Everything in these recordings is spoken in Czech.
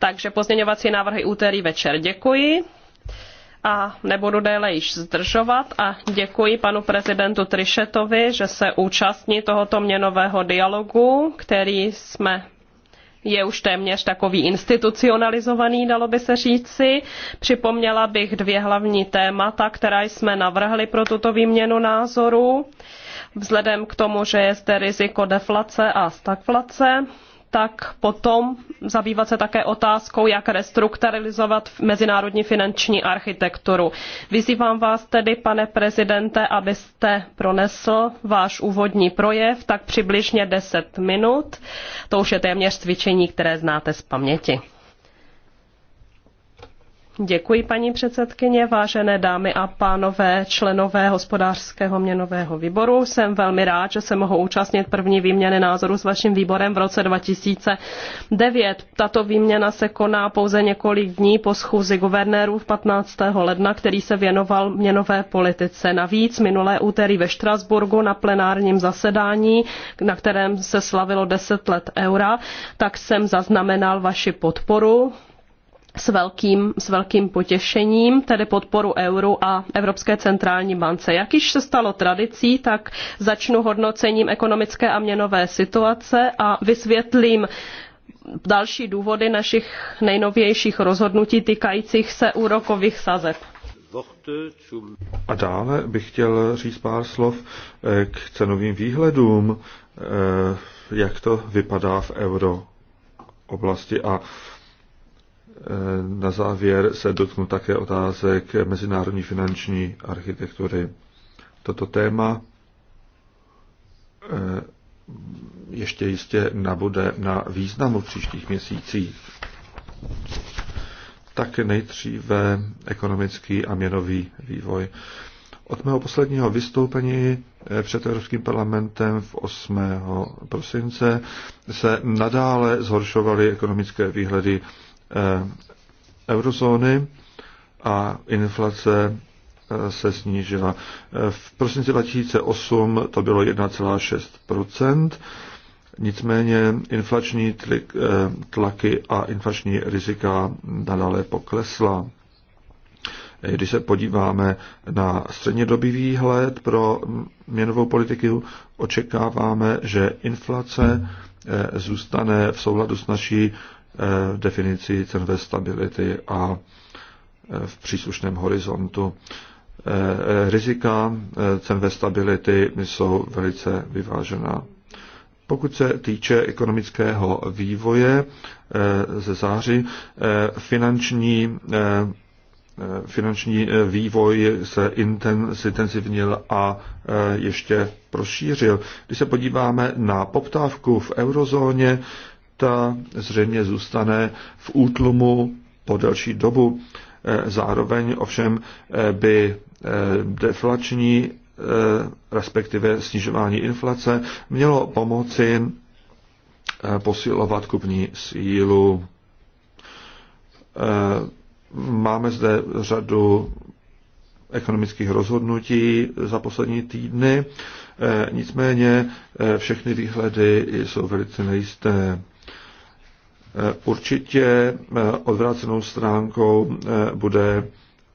Takže pozměňovací návrhy úterý večer. Děkuji a nebudu déle již zdržovat a děkuji panu prezidentu Trišetovi, že se účastní tohoto měnového dialogu, který jsme je už téměř takový institucionalizovaný, dalo by se říci. Připomněla bych dvě hlavní témata, která jsme navrhli pro tuto výměnu názorů. Vzhledem k tomu, že je zde riziko deflace a stagflace, tak potom zabývat se také otázkou, jak restrukturalizovat mezinárodní finanční architekturu. Vyzývám vás tedy, pane prezidente, abyste pronesl váš úvodní projev, tak přibližně 10 minut. To už je téměř cvičení, které znáte z paměti. Děkuji, paní předsedkyně, vážené dámy a pánové, členové hospodářského měnového výboru. Jsem velmi rád, že se mohu účastnit první výměny názorů s vaším výborem v roce 2009. Tato výměna se koná pouze několik dní po schůzi guvernérů 15. ledna, který se věnoval měnové politice. Navíc minulé úterý ve Štrasburgu na plenárním zasedání, na kterém se slavilo 10 let eura, tak jsem zaznamenal vaši podporu s velkým, s velkým potěšením, tedy podporu euru a Evropské centrální bance. Jak již se stalo tradicí, tak začnu hodnocením ekonomické a měnové situace a vysvětlím další důvody našich nejnovějších rozhodnutí týkajících se úrokových sazeb. A dále bych chtěl říct pár slov eh, k cenovým výhledům, eh, jak to vypadá v euro oblasti a na závěr se dotknu také otázek mezinárodní finanční architektury. Toto téma eh, ještě jistě nabude na významu v příštích měsících. Tak nejdříve ekonomický a měnový vývoj. Od mého posledního vystoupení eh, před Evropským parlamentem v 8. prosince se nadále zhoršovaly ekonomické výhledy Eh, eurozóny a inflace eh, se snížila. Eh, v prosinci 2008 to bylo 1,6 nicméně inflační tlaky a inflační rizika nadále poklesla. Když se podíváme na střednědobý výhled pro měnovou politiku, očekáváme, že inflace zůstane v souladu s naší Eh, definici cenové stability a eh, v příslušném horizontu. Eh, rizika cenové stability jsou velice vyvážená. Pokud se týče ekonomického vývoje ze září, finanční, finanční vývoj se intenzivnil a ještě prošířil. Když se podíváme na poptávku v eurozóně, ta zřejmě zůstane v útlumu po delší dobu. E, zároveň ovšem e, by e, deflační, respektive snižování inflace, mělo pomoci posilovat kupní sílu. Máme zde řadu ekonomických rozhodnutí za poslední týdny, nicméně všechny výhledy jsou velice nejisté. Určitě eh, odvrácenou stránkou eh, bude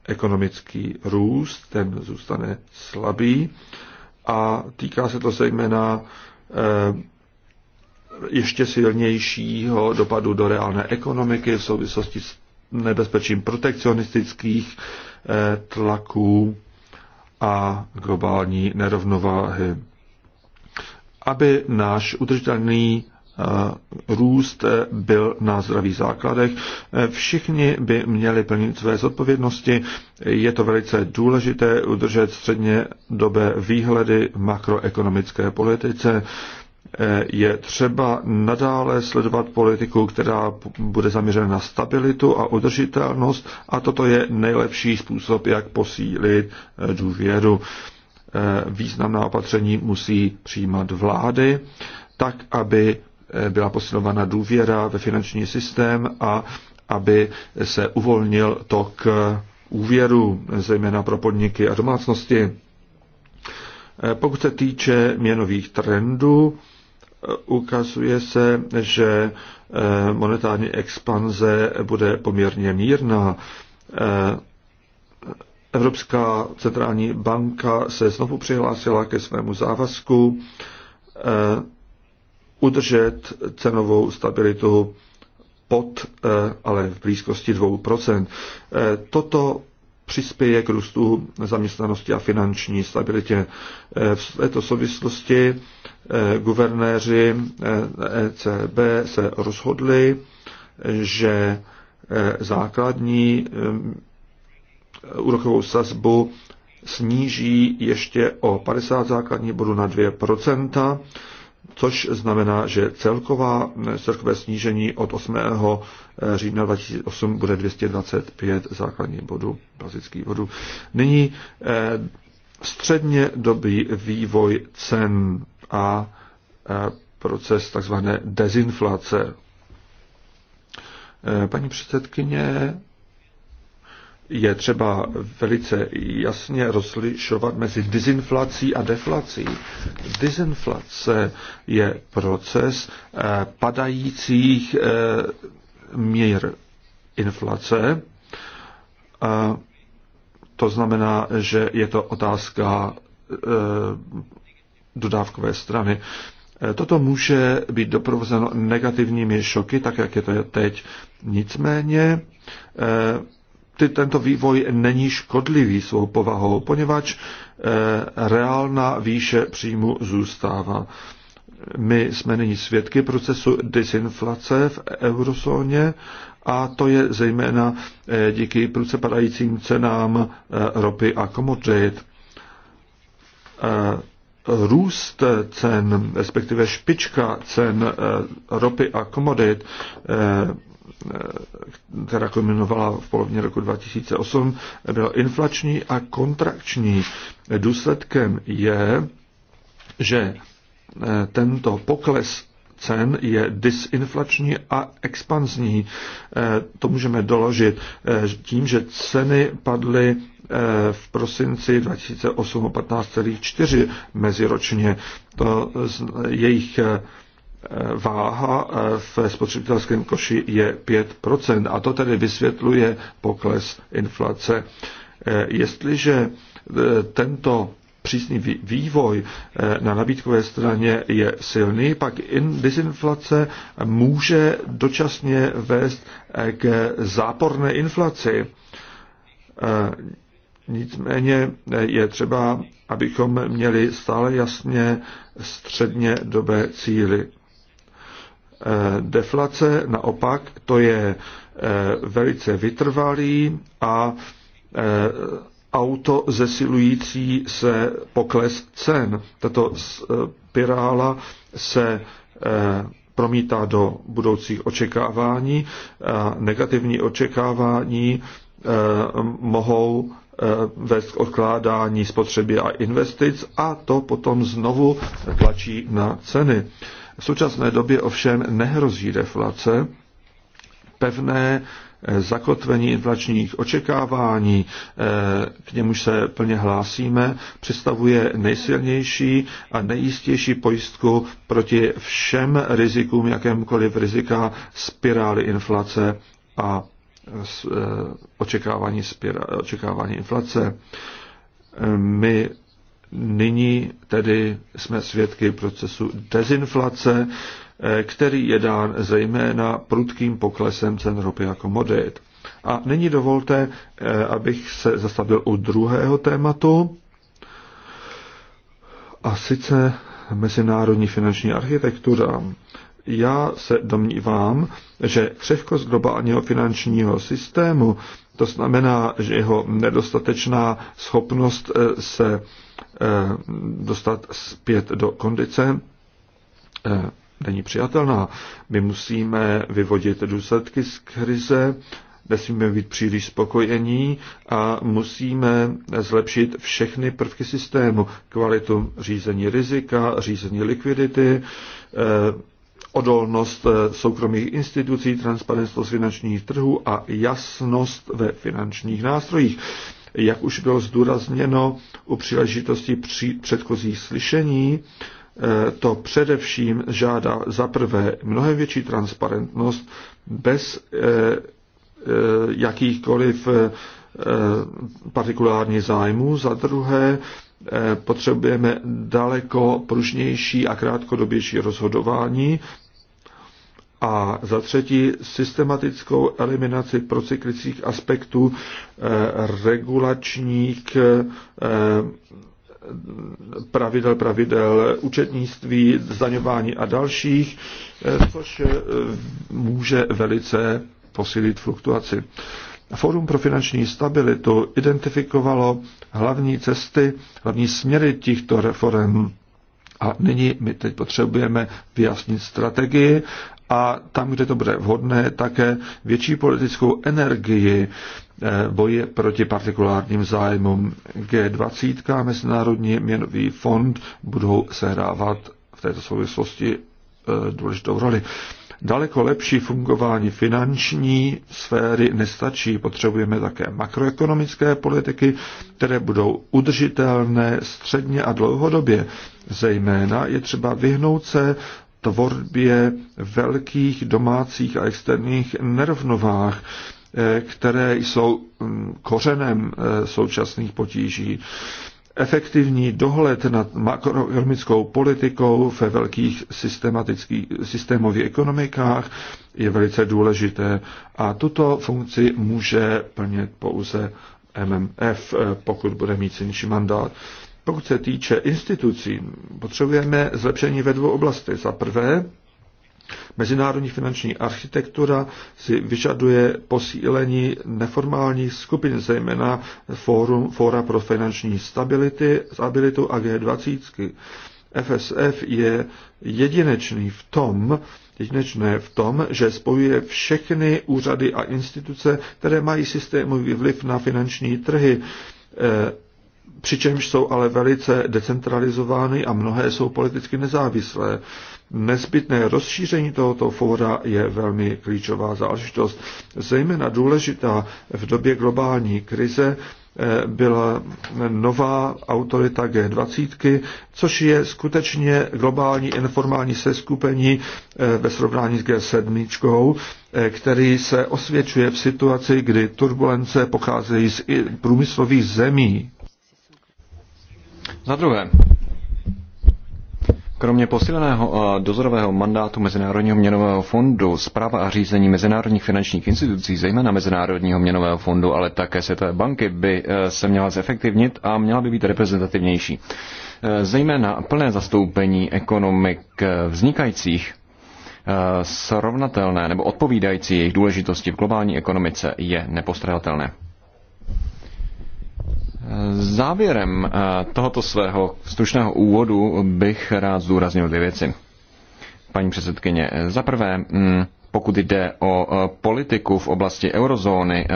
ekonomický růst, ten zůstane slabý a týká se to zejména eh, ještě silnějšího dopadu do reálné ekonomiky v souvislosti s nebezpečím protekcionistických tlaků a globální nerovnováhy. Aby náš udržitelný růst byl na zdravých základech. Všichni by měli plnit své zodpovědnosti. Je to velice důležité udržet středně dobé výhledy makroekonomické politice. Je třeba nadále sledovat politiku, která bude zaměřena na stabilitu a udržitelnost a toto je nejlepší způsob, jak posílit důvěru. Významná opatření musí přijímat vlády tak, aby Eh, byla posilována důvěra ve finanční systém a aby se uvolnil tok úvěru, zejména pro podniky a domácnosti. Eh, pokud se týče měnových trendů, eh, ukazuje se, že monetární expanze bude poměrně mírná. Evropská centrální banka se znovu přihlásila ke svému závazku udržet cenovou stabilitu pod, eh, ale v blízkosti 2%. Eh, toto přispěje k růstu zaměstnanosti a finanční stabilitě. Eh, v této souvislosti guvernéři ECB e se rozhodli, že základní úrokovou sazbu sníží ještě o 50 základních bodů na 2 což znamená, že celková, eh, celkové snížení od 8. Eh, října 2008 bude 225 základních bodů, bazických bodů. Nyní eh, středně dobý vývoj cen a proces takzvané dezinflace. Paní předsedkyně je třeba velice jasně rozlišovat mezi dizinflací a deflací. Dizinflace je proces eh, padajících eh, mír inflace. To znamená, že je to otázka eh, dodávkové strany. Toto může být doprovozeno negativními šoky, tak jak je to teď. Nicméně ty, tento vývoj není škodlivý svou povahou, poněvadž eh, reálná výše příjmu zůstává. My jsme nyní svědky procesu disinflace v eurozóně a to je zejména eh, díky prudce padajícím cenám eh, ropy a komodit. Růst cen, respektive špička cen ropy a komodit Eh, která kulminovala v polovině roku 2008, byl inflační a kontrakční. Důsledkem je, že eh, tento pokles cen je disinflační a expanzní. Eh, to můžeme doložit tím, že ceny padly v prosinci 2008 o 15,4 meziročně. To jejich váha eh, v spotřebitelském koši je 5%. A to tedy vysvětluje pokles inflace. Eh, jestliže eh, tento přísný vývoj na nabídkové straně je silný, pak disinflace může dočasně vést k záporné inflaci. Nicméně je třeba, abychom měli stále jasně středně dobé cíly. Eh, deflace naopak to je eh, velice vytrvalý a eh, auto zesilující se pokles cen. Tato spirála se promítá do budoucích očekávání a negativní očekávání mohou vést k odkládání spotřeby a investic a to potom znovu tlačí na ceny. V současné době ovšem nehrozí deflace, pevné eh, zakotvení inflačních očekávání, eh, k němuž se plně hlásíme, představuje nejsilnější a nejistější pojistku proti všem rizikům, jakémkoliv rizika spirály inflace a eh, očekávání, spira, očekávání inflace. My Nyní tedy jsme svědky procesu dezinflace, eh, který je dán zejména prudkým poklesem cen ropy a komodit. A nyní dovolte, eh, abych se zastavil u druhého tématu, a sice mezinárodní finanční architektura. Já se domnívám, že křehkost globálního finančního systému, to znamená, že jeho nedostatečná schopnost eh, se Eh, dostat zpět do kondice eh, není přijatelná. My musíme vyvodit důsledky z krize, nesmíme být příliš spokojení a musíme zlepšit všechny prvky systému. Kvalitu řízení rizika, řízení likvidity, eh, odolnost soukromých institucí, transparentnost finančních trhů a jasnost ve finančních nástrojích. Jak už bylo zdůrazněno u příležitosti při předchozích slyšení, eh, to především žádá za prvé mnohem větší transparentnost bez eh, eh, jakýchkoliv partikulárních zájmů. Za druhé potřebujeme daleko pružnější a krátkodobější rozhodování a za třetí systematickou eliminaci procyklických aspektů eh, regulačních eh, pravidel, pravidel účetnictví, zdaňování a dalších, eh, což může velice posílit fluktuaci. Fórum pro finanční stabilitu identifikovalo hlavní cesty, hlavní směry těchto reform. A nyní my teď potřebujeme vyjasnit strategii a tam, kde to bude vhodné, také větší politickou energii eh, boje proti partikulárním zájmům. G20, Mezinárodní měnový fond budou sehrávat v této souvislosti eh, důležitou roli. Daleko lepší fungování finanční sféry nestačí. Potřebujeme také makroekonomické politiky, které budou udržitelné středně a dlouhodobě. Zejména je třeba vyhnout se tvorbě velkých domácích a externích nerovnovách, eh, které jsou mm, kořenem eh, současných potíží. Efektivní dohled nad makroekonomickou politikou ve velkých systematických, systémových ekonomikách je velice důležité a tuto funkci může plnit pouze MMF, eh, pokud bude mít silnější mandát. Pokud se týče institucí, potřebujeme zlepšení ve dvou oblasti. Za prvé, mezinárodní finanční architektura si vyžaduje posílení neformálních skupin, zejména Fórum, Fóra pro finanční stability, stabilitu a G20. FSF je jedinečný v tom, jedinečné v tom, že spojuje všechny úřady a instituce, které mají systémový vliv na finanční trhy eh, přičemž jsou ale velice decentralizovány a mnohé jsou politicky nezávislé. Nezbytné rozšíření tohoto fóra je velmi klíčová záležitost. Zejména důležitá v době globální krize eh, byla nová autorita G20, což je skutečně globální informální seskupení eh, ve srovnání s G7, eh, který se osvědčuje v situaci, kdy turbulence pocházejí z průmyslových zemí za druhé, Kromě posíleného eh, dozorového mandátu Mezinárodního měnového fondu, zpráva a řízení mezinárodních finančních institucí, zejména Mezinárodního měnového fondu, ale také Světové banky, by eh, se měla zefektivnit a měla by být reprezentativnější. Eh, zejména plné zastoupení ekonomik vznikajících srovnatelné nebo odpovídající jejich důležitosti v globální ekonomice je nepostradatelné. Závěrem eh, tohoto svého stručného úvodu bych rád zdůraznil dvě věci. Paní předsedkyně, eh, za prvé, mm, pokud jde o eh, politiku v oblasti eurozóny,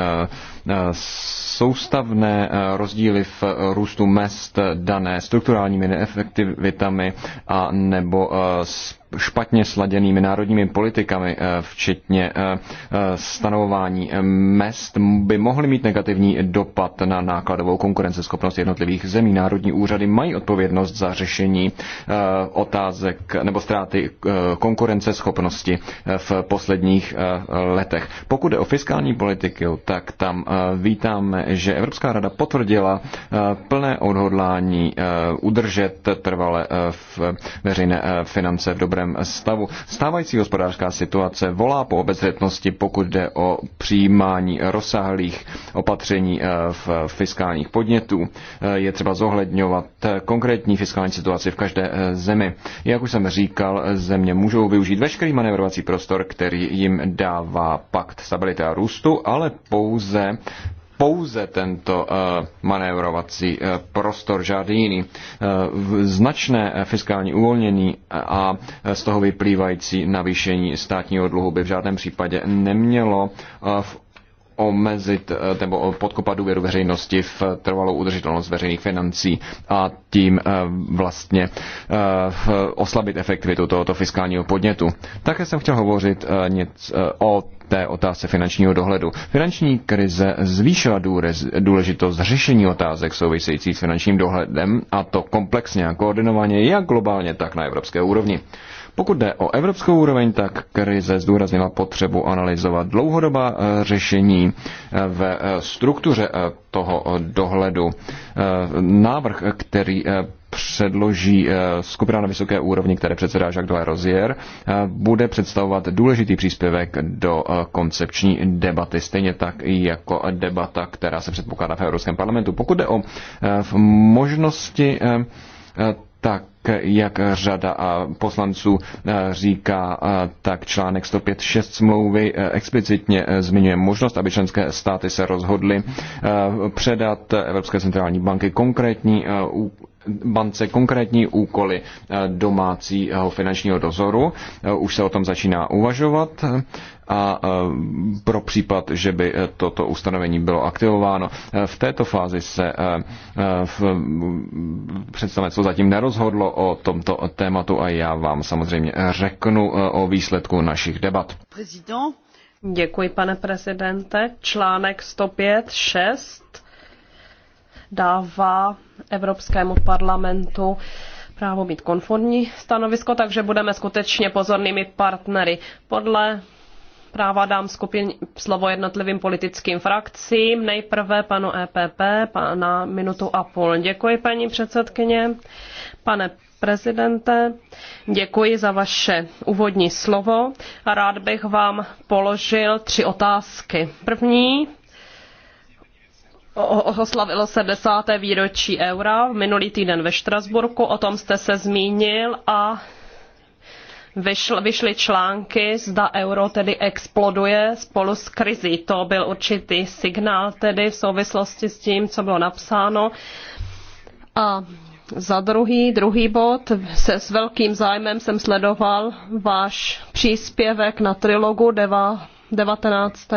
soustavné rozdíly v růstu mest dané strukturálními neefektivitami a nebo s špatně sladěnými národními politikami, eh, včetně eh, eh, stanovování mest, by mohly mít negativní dopad na nákladovou konkurenceschopnost jednotlivých zemí. Národní úřady mají odpovědnost za řešení otázek nebo ztráty konkurenceschopnosti v posledních letech. Pokud jde o fiskální politiku, tak tam vítáme, že Evropská rada potvrdila plné odhodlání udržet trvale v veřejné finance v dobré dobrém stavu. Stávající hospodářská situace volá po obezřetnosti, pokud jde o přijímání rozsáhlých opatření eh, v fiskálních podnětů. Eh, je třeba zohledňovat eh, konkrétní fiskální situaci v každé zemi. Jak už jsem říkal, země můžou využít veškerý manévrovací prostor, který jim dává pakt stability a růstu, ale pouze pouze tento eh, manévrovací eh, prostor, žádný jiný. Eh, značné fiskální uvolnění a z toho vyplývající navýšení státního dluhu by v žádném případě nemělo v omezit eh, nebo podkopat důvěru veřejnosti v trvalou udržitelnost veřejných financí a tím eh, vlastně eh, oslabit efektivitu tohoto fiskálního podnětu. Také jsem chtěl hovořit něco o té otázce finančního dohledu. Finanční krize zvýšila důležitost řešení otázek souvisejících s finančním dohledem a to komplexně a koordinovaně jak globálně, tak na evropské úrovni. Pokud jde o evropskou úroveň, tak krize zdůraznila potřebu analyzovat dlouhodobá eh, řešení eh, ve eh, struktuře toho dohledu. Návrh, který předloží skupina na vysoké úrovni, které předsedá Jacques de Rozier, bude představovat důležitý příspěvek do koncepční debaty, stejně tak jako debata, která se předpokládá v Evropském parlamentu. Pokud jde o možnosti tak jak řada poslanců e, říká, e, tak článek 105.6 smlouvy e, explicitně zmiňuje možnost, aby členské státy se rozhodly předat Evropské centrální banky konkrétní bance konkrétní úkoly eh, domácího finančního dozoru. Eh, už se o tom začíná uvažovat eh, a pro případ, že by toto ustanovení bylo aktivováno. V této fázi se představenstvo zatím nerozhodlo o tomto tématu a já vám samozřejmě řeknu o výsledku našich debat. Děkuji, pane prezidente. Článek 105, 6 dává Evropskému parlamentu právo mít konformní stanovisko, takže budeme skutečně pozornými partnery. Podle práva dám skupin, slovo jednotlivým politickým frakcím. Nejprve panu EPP na minutu a půl. Děkuji, paní předsedkyně. Pane prezidente, děkuji za vaše úvodní slovo a rád bych vám položil tři otázky. První oslavilo se desáté výročí eura minulý týden ve Štrasburku, o tom jste se zmínil a vyšly články, zda euro tedy exploduje spolu s krizí. To byl určitý signál tedy v souvislosti s tím, co bylo napsáno. A za druhý, druhý bod, se s velkým zájmem jsem sledoval váš příspěvek na trilogu deva, 19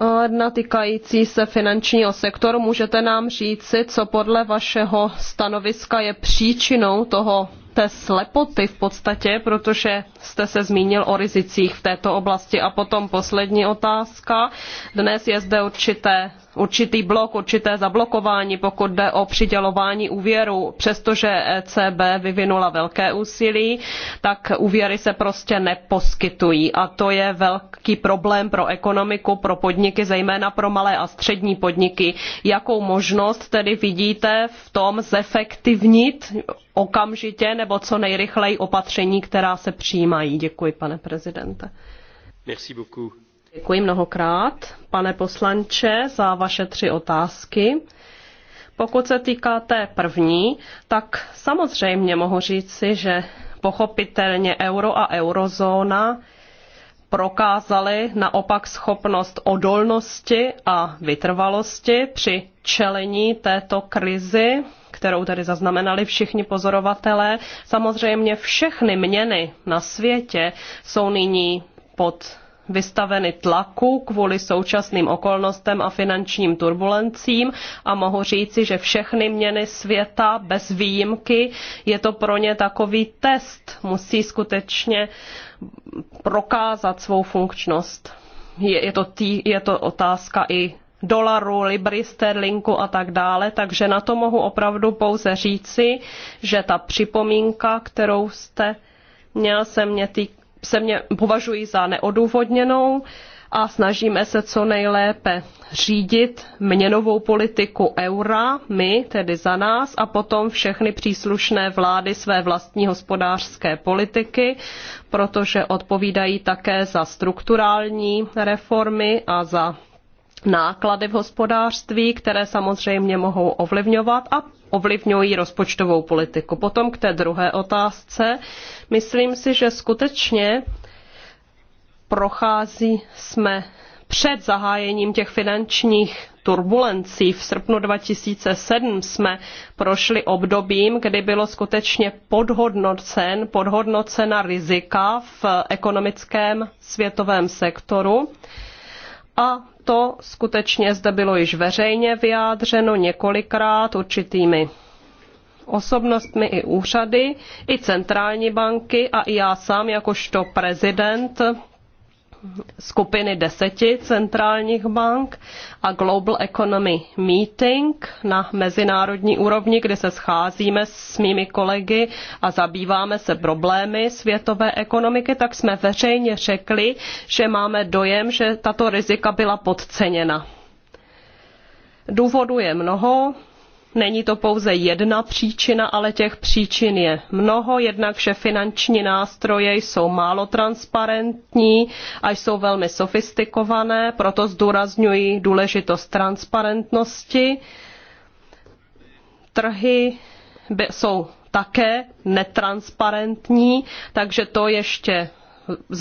ledna eh, týkající se finančního sektoru. Můžete nám říci, co podle vašeho stanoviska je příčinou toho té slepoty v podstatě, protože jste se zmínil o rizicích v této oblasti. A potom poslední otázka. Dnes je zde určité určitý blok, určité zablokování, pokud jde o přidělování úvěru. Přestože ECB vyvinula velké úsilí, tak úvěry se prostě neposkytují a to je velký problém pro ekonomiku, pro podniky, zejména pro malé a střední podniky. Jakou možnost tedy vidíte v tom zefektivnit okamžitě nebo co nejrychleji opatření, která se přijímají? Děkuji, pane prezidente. Merci beaucoup. Děkuji mnohokrát, pane poslanče, za vaše tři otázky. Pokud se týká té první, tak samozřejmě mohu říci, že pochopitelně euro a eurozóna prokázaly naopak schopnost odolnosti a vytrvalosti při čelení této krizi, kterou tedy zaznamenali všichni pozorovatelé. Samozřejmě všechny měny na světě jsou nyní pod vystaveny tlaku kvůli současným okolnostem a finančním turbulencím a mohu říci, že všechny měny světa bez výjimky je to pro ně takový test. Musí skutečně prokázat svou funkčnost. Je, je, to, tý, je to otázka i dolaru, libry, sterlinku a tak dále, takže na to mohu opravdu pouze říci, že ta připomínka, kterou jste měl, se mě týká se mě považují za neodůvodněnou a snažíme se co nejlépe řídit měnovou politiku eura, my tedy za nás, a potom všechny příslušné vlády své vlastní hospodářské politiky, protože odpovídají také za strukturální reformy a za náklady v hospodářství, které samozřejmě mohou ovlivňovat a ovlivňují rozpočtovou politiku. Potom k té druhé otázce. Myslím si, že skutečně prochází jsme před zahájením těch finančních turbulencí v srpnu 2007 jsme prošli obdobím, kdy bylo skutečně podhodnocen, podhodnocena rizika v ekonomickém světovém sektoru a to skutečně zde bylo již veřejně vyjádřeno několikrát určitými osobnostmi i úřady, i centrální banky a i já sám jakožto prezident skupiny deseti centrálních bank a Global Economy Meeting na mezinárodní úrovni, kde se scházíme s mými kolegy a zabýváme se problémy světové ekonomiky, tak jsme veřejně řekli, že máme dojem, že tato rizika byla podceněna. Důvodů je mnoho, Není to pouze jedna příčina, ale těch příčin je mnoho, jednak že finanční nástroje jsou málo transparentní a jsou velmi sofistikované, proto zdůrazňuji důležitost transparentnosti. Trhy jsou také netransparentní, takže to ještě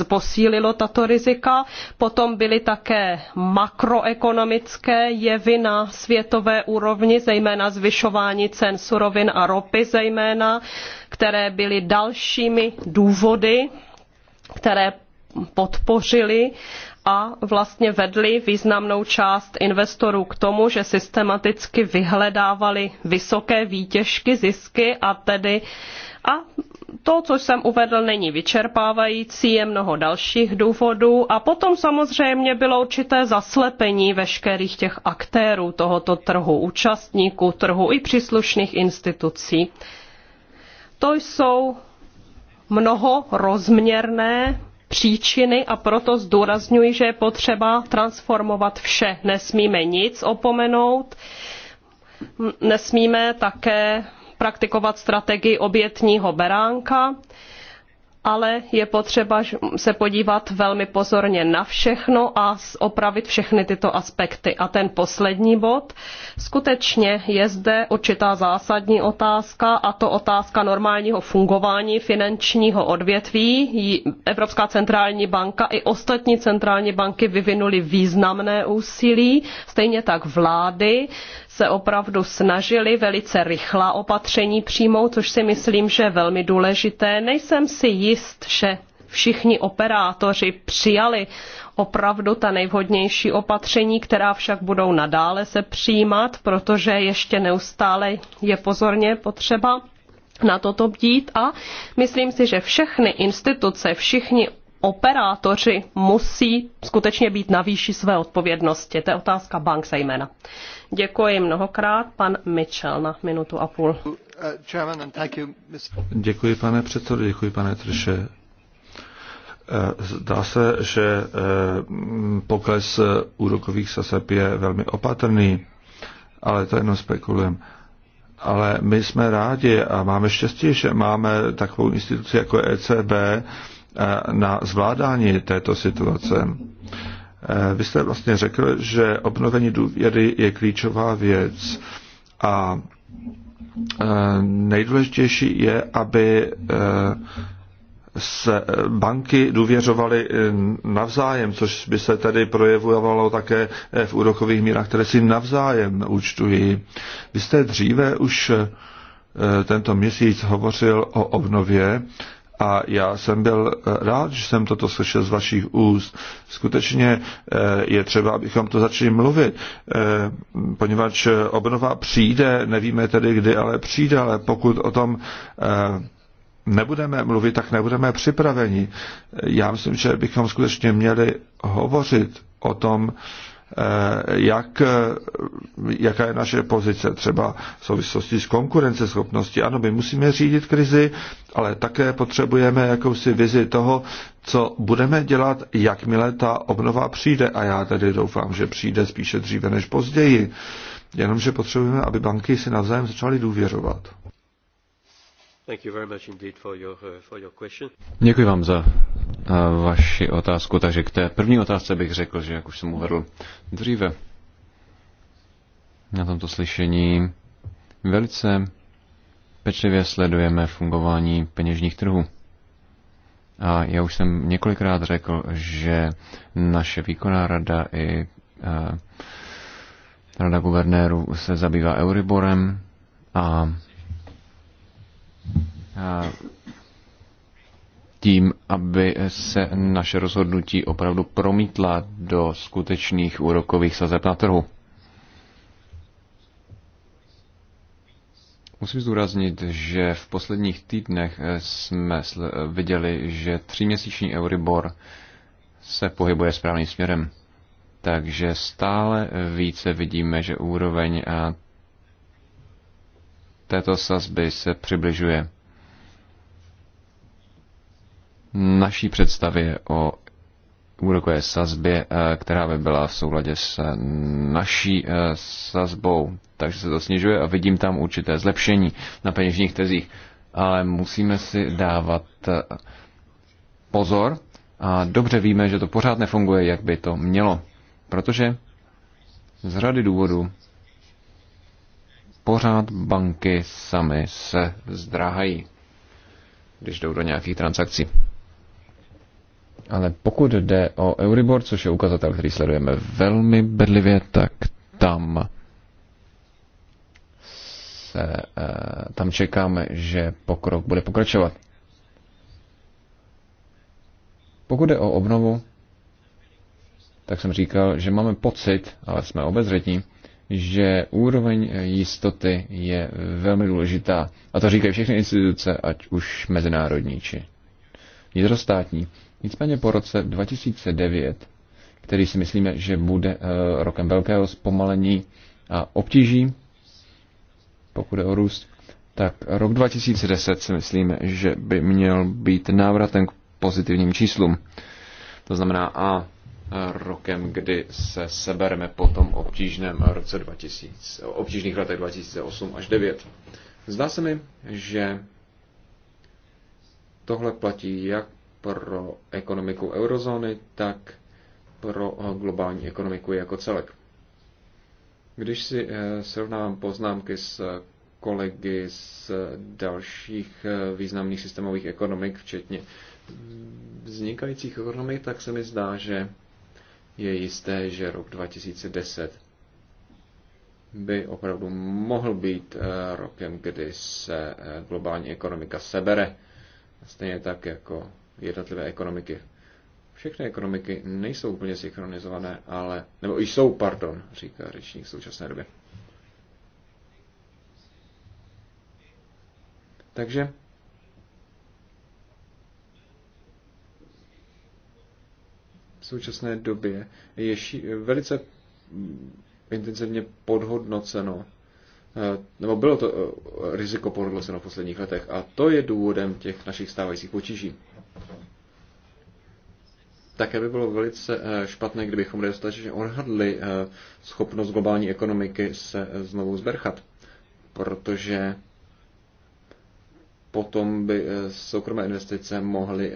posílilo tato rizika. Potom byly také makroekonomické jevy na světové úrovni, zejména zvyšování cen surovin a ropy zejména, které byly dalšími důvody, které podpořily a vlastně vedly významnou část investorů k tomu, že systematicky vyhledávali vysoké výtěžky, zisky a tedy a to, co jsem uvedl, není vyčerpávající, je mnoho dalších důvodů a potom samozřejmě bylo určité zaslepení veškerých těch aktérů tohoto trhu, účastníků trhu i příslušných institucí. To jsou mnoho rozměrné příčiny a proto zdůrazňuji, že je potřeba transformovat vše. Nesmíme nic opomenout, nesmíme také praktikovat strategii obětního beránka, ale je potřeba se podívat velmi pozorně na všechno a opravit všechny tyto aspekty. A ten poslední bod, skutečně je zde určitá zásadní otázka a to otázka normálního fungování finančního odvětví. Evropská centrální banka i ostatní centrální banky vyvinuly významné úsilí, stejně tak vlády se opravdu snažili velice rychlá opatření přijmout, což si myslím, že je velmi důležité. Nejsem si jist, že všichni operátoři přijali opravdu ta nejvhodnější opatření, která však budou nadále se přijímat, protože ještě neustále je pozorně potřeba na toto bdít a myslím si, že všechny instituce, všichni operátoři musí skutečně být na výši své odpovědnosti. To je otázka bank zejména. Děkuji mnohokrát, pan Mitchell, na minutu a půl. Děkuji, pane předsedo, děkuji, pane Trše. Eh, zdá se, že eh, pokles úrokových sazeb je velmi opatrný, ale to jenom spekulujem. ale my jsme rádi a máme štěstí, že máme takovou instituci jako ECB, na zvládání této situace. Eh, vy jste vlastně řekl, že obnovení důvěry je klíčová věc a eh, nejdůležitější je, aby eh, se banky důvěřovaly navzájem, což by se tedy projevovalo také v úrokových mírách, které si navzájem účtují. Vy jste dříve už tento měsíc hovořil o obnově a já jsem byl eh, rád, že jsem toto slyšel z vašich úst. Skutečně eh, je třeba, abychom to začali mluvit, eh, poněvadž obnova přijde, nevíme tedy kdy, ale přijde, ale pokud o tom nebudeme mluvit, tak nebudeme připraveni. Já myslím, že bychom skutečně měli hovořit o tom, Eh, jak, eh, jaká je naše pozice třeba v souvislosti s konkurenceschopností. Ano, my musíme řídit krizi, ale také potřebujeme jakousi vizi toho, co budeme dělat, jakmile ta obnova přijde. A já tedy doufám, že přijde spíše dříve než později. Jenomže potřebujeme, aby banky si navzájem začaly důvěřovat. Uh, Děkuji vám za uh, vaši otázku. Takže k té první otázce bych řekl, že jak už jsem uvedl dříve na tomto slyšení, velice pečlivě sledujeme fungování peněžních trhů. A já už jsem několikrát řekl, že naše výkonná rada i uh, rada guvernérů se zabývá Euriborem a tím, aby se naše rozhodnutí opravdu promítla do skutečných úrokových sazeb na trhu. Musím zdůraznit, že v posledních týdnech jsme viděli, že tříměsíční Euribor se pohybuje správným směrem. Takže stále více vidíme, že úroveň této sazby se přibližuje naší představě o úrokové sazbě, eh, která by byla v souladě s eh, naší eh, sazbou. Takže se to snižuje a vidím tam určité zlepšení na peněžních tezích. Ale musíme si dávat pozor a dobře víme, že to pořád nefunguje, jak by to mělo. Protože z rady důvodů pořád banky sami se zdráhají, když jdou do nějakých transakcí. Ale pokud jde o Euribor, což je ukazatel, který sledujeme velmi bedlivě, tak tam se, eh, tam čekáme, že pokrok bude pokračovat. Pokud jde o obnovu, tak jsem říkal, že máme pocit, ale jsme obezřetní, že úroveň jistoty je velmi důležitá. A to říkají všechny instituce, ať už mezinárodní či vnitrostátní. Nicméně po roce 2009, který si myslíme, že bude eh, rokem velkého zpomalení a obtíží, pokud je o růst, tak rok 2010 si myslíme, že by měl být návratem k pozitivním číslům. To znamená a eh, rokem, kdy se sebereme po tom obtížném roce 2000, obtížných letech 2008 až 2009. Zdá se mi, že tohle platí jak pro ekonomiku eurozóny, tak pro globální ekonomiku jako celek. Když si eh, srovnávám poznámky s kolegy z dalších eh, významných systémových ekonomik, včetně vznikajících ekonomik, tak se mi zdá, že je jisté, že rok 2010 by opravdu mohl být eh, rokem, kdy se globální ekonomika sebere. Stejně tak jako jednotlivé ekonomiky. Všechny ekonomiky nejsou úplně synchronizované, ale, nebo jsou, pardon, říká řečník v současné době. Takže v současné době je ší, velice intenzivně podhodnoceno, eh, nebo bylo to eh, riziko podhodnoceno v posledních letech a to je důvodem těch našich stávajících potíží. Také by bylo velice eh, špatné, kdybychom nedostatečně odhadli eh, schopnost globální ekonomiky se eh, znovu zberchat, protože potom by soukromé investice mohly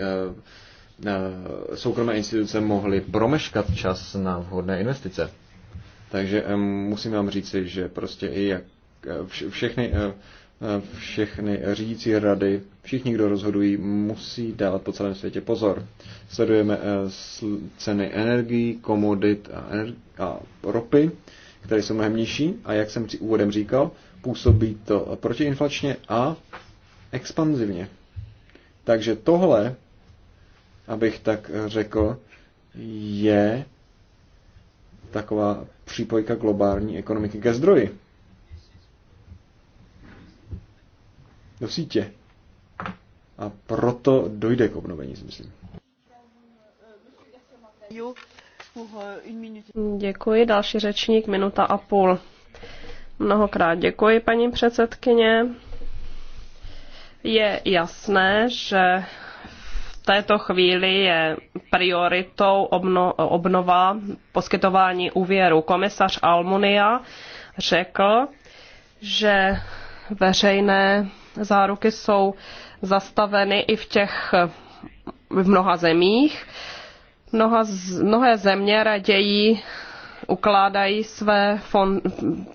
soukromé instituce mohly promeškat čas na vhodné investice. Takže musím vám říci, že prostě i jak všechny všechny řídící rady, všichni, kdo rozhodují, musí dávat po celém světě pozor. Sledujeme eh, ceny energií, komodit a, a ropy, které jsou mnohem nižší a jak jsem úvodem říkal, působí to protiinflačně a expanzivně. Takže tohle, abych tak řekl, je taková přípojka globální ekonomiky ke zdroji. do sítě. A proto dojde k obnovení, si myslím. Děkuji, další řečník, minuta a půl. Mnohokrát děkuji, paní předsedkyně. Je jasné, že v této chvíli je prioritou obno, obnova poskytování úvěru. Komisař Almunia řekl, že veřejné záruky jsou zastaveny i v těch v mnoha zemích. Mnoha, mnohé země raději ukládají své fond,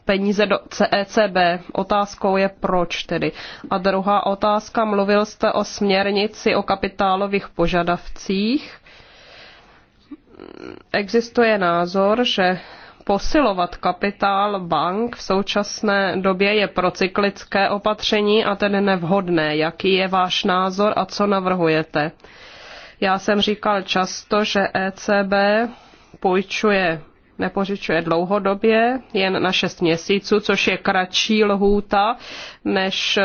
peníze do ECB. Otázkou je proč tedy. A druhá otázka, mluvil jste o směrnici o kapitálových požadavcích. Existuje názor, že posilovat kapitál bank v současné době je procyklické opatření a tedy nevhodné. Jaký je váš názor a co navrhujete? Já jsem říkal často, že ECB půjčuje nepořičuje dlouhodobě, jen na 6 měsíců, což je kratší lhůta, než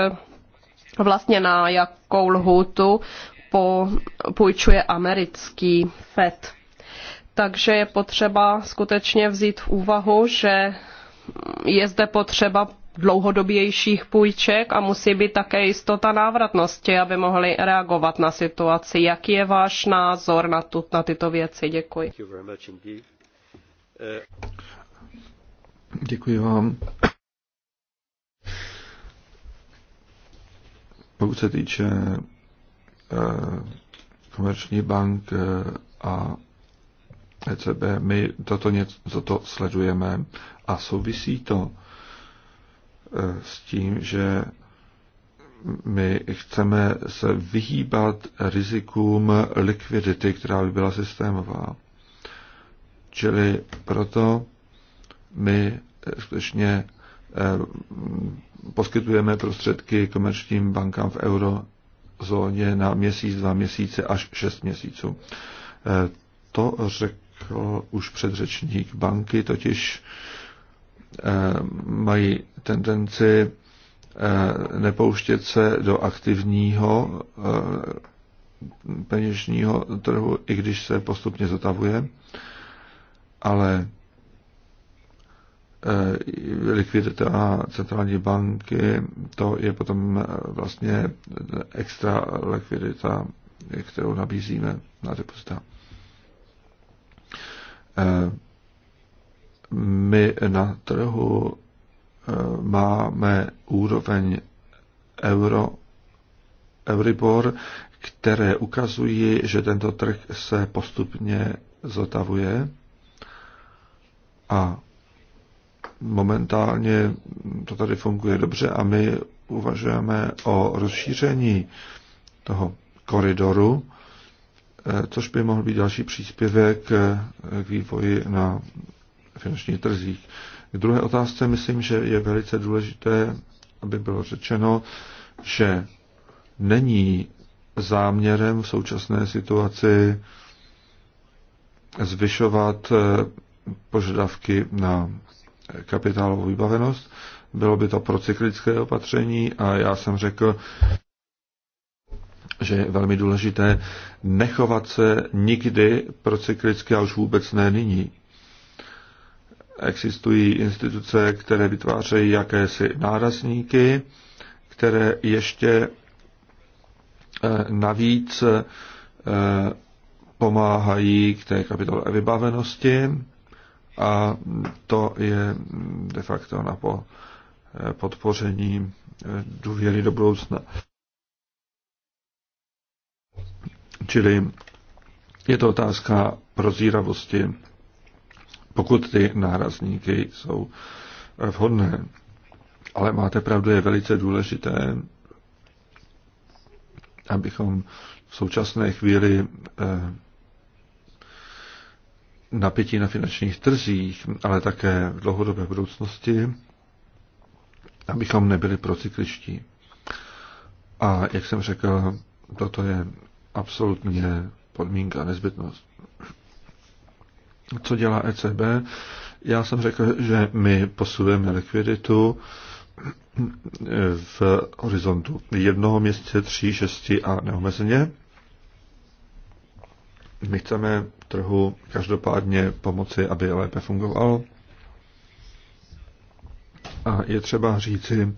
vlastně na jakou lhůtu půjčuje americký FED. Takže je potřeba skutečně vzít v úvahu, že je zde potřeba dlouhodobějších půjček a musí být také jistota návratnosti, aby mohli reagovat na situaci. Jaký je váš názor na, tu, na tyto věci? Děkuji. Eh. Děkuji vám. Pokud se týče eh, komerčních bank eh, a ECB. My toto, něco, toto sledujeme a souvisí to e, s tím, že my chceme se vyhýbat rizikům likvidity, která by byla systémová. Čili proto my skutečně e, poskytujeme prostředky komerčním bankám v eurozóně na měsíc, dva měsíce až šest měsíců. E, to řek, řekl už předřečník, banky totiž eh, mají tendenci eh, nepouštět se do aktivního eh, peněžního trhu, i když se postupně zotavuje, ale likvidita centrální banky, to je potom vlastně extra likvidita, kterou nabízíme na depozitách. Eh, my na trhu eh, máme úroveň euro, Euribor, které ukazují, že tento trh se postupně zotavuje a momentálně to tady funguje dobře a my uvažujeme o rozšíření toho koridoru Eh, což by mohl být další příspěvek eh, k vývoji na finančních trzích. K druhé otázce myslím, že je velice důležité, aby bylo řečeno, že není záměrem v současné situaci zvyšovat eh, požadavky na kapitálovou vybavenost. Bylo by to procyklické opatření a já jsem řekl, že je velmi důležité nechovat se nikdy procyklicky a už vůbec ne nyní. Existují instituce, které vytvářejí jakési nárazníky, které ještě eh, navíc eh, pomáhají k té kapitole vybavenosti a to je de facto na eh, podpoření důvěry do budoucna. Čili je to otázka prozíravosti, pokud ty nárazníky jsou vhodné. Ale máte pravdu, je velice důležité, abychom v současné chvíli eh, napětí na finančních trzích, ale také v dlouhodobé budoucnosti, abychom nebyli procykličtí. A jak jsem řekl, toto je absolutně podmínka, nezbytnost. Co dělá ECB? Já jsem řekl, že my posuveme likviditu v horizontu jednoho měsíce, tří, šesti a neomezeně. My chceme trhu každopádně pomoci, aby lépe fungoval. A je třeba říci,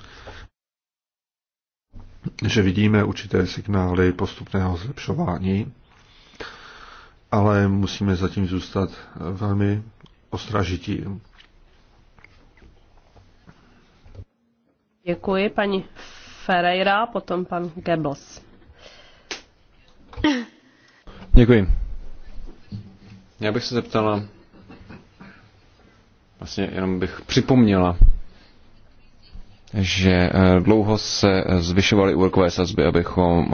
že vidíme určité signály postupného zlepšování, ale musíme zatím zůstat velmi ostražití. Děkuji, paní Ferreira, potom pan Goebbels. Děkuji. Já bych se zeptala, vlastně jenom bych připomněla že eh, dlouho se zvyšovaly úrokové sazby, abychom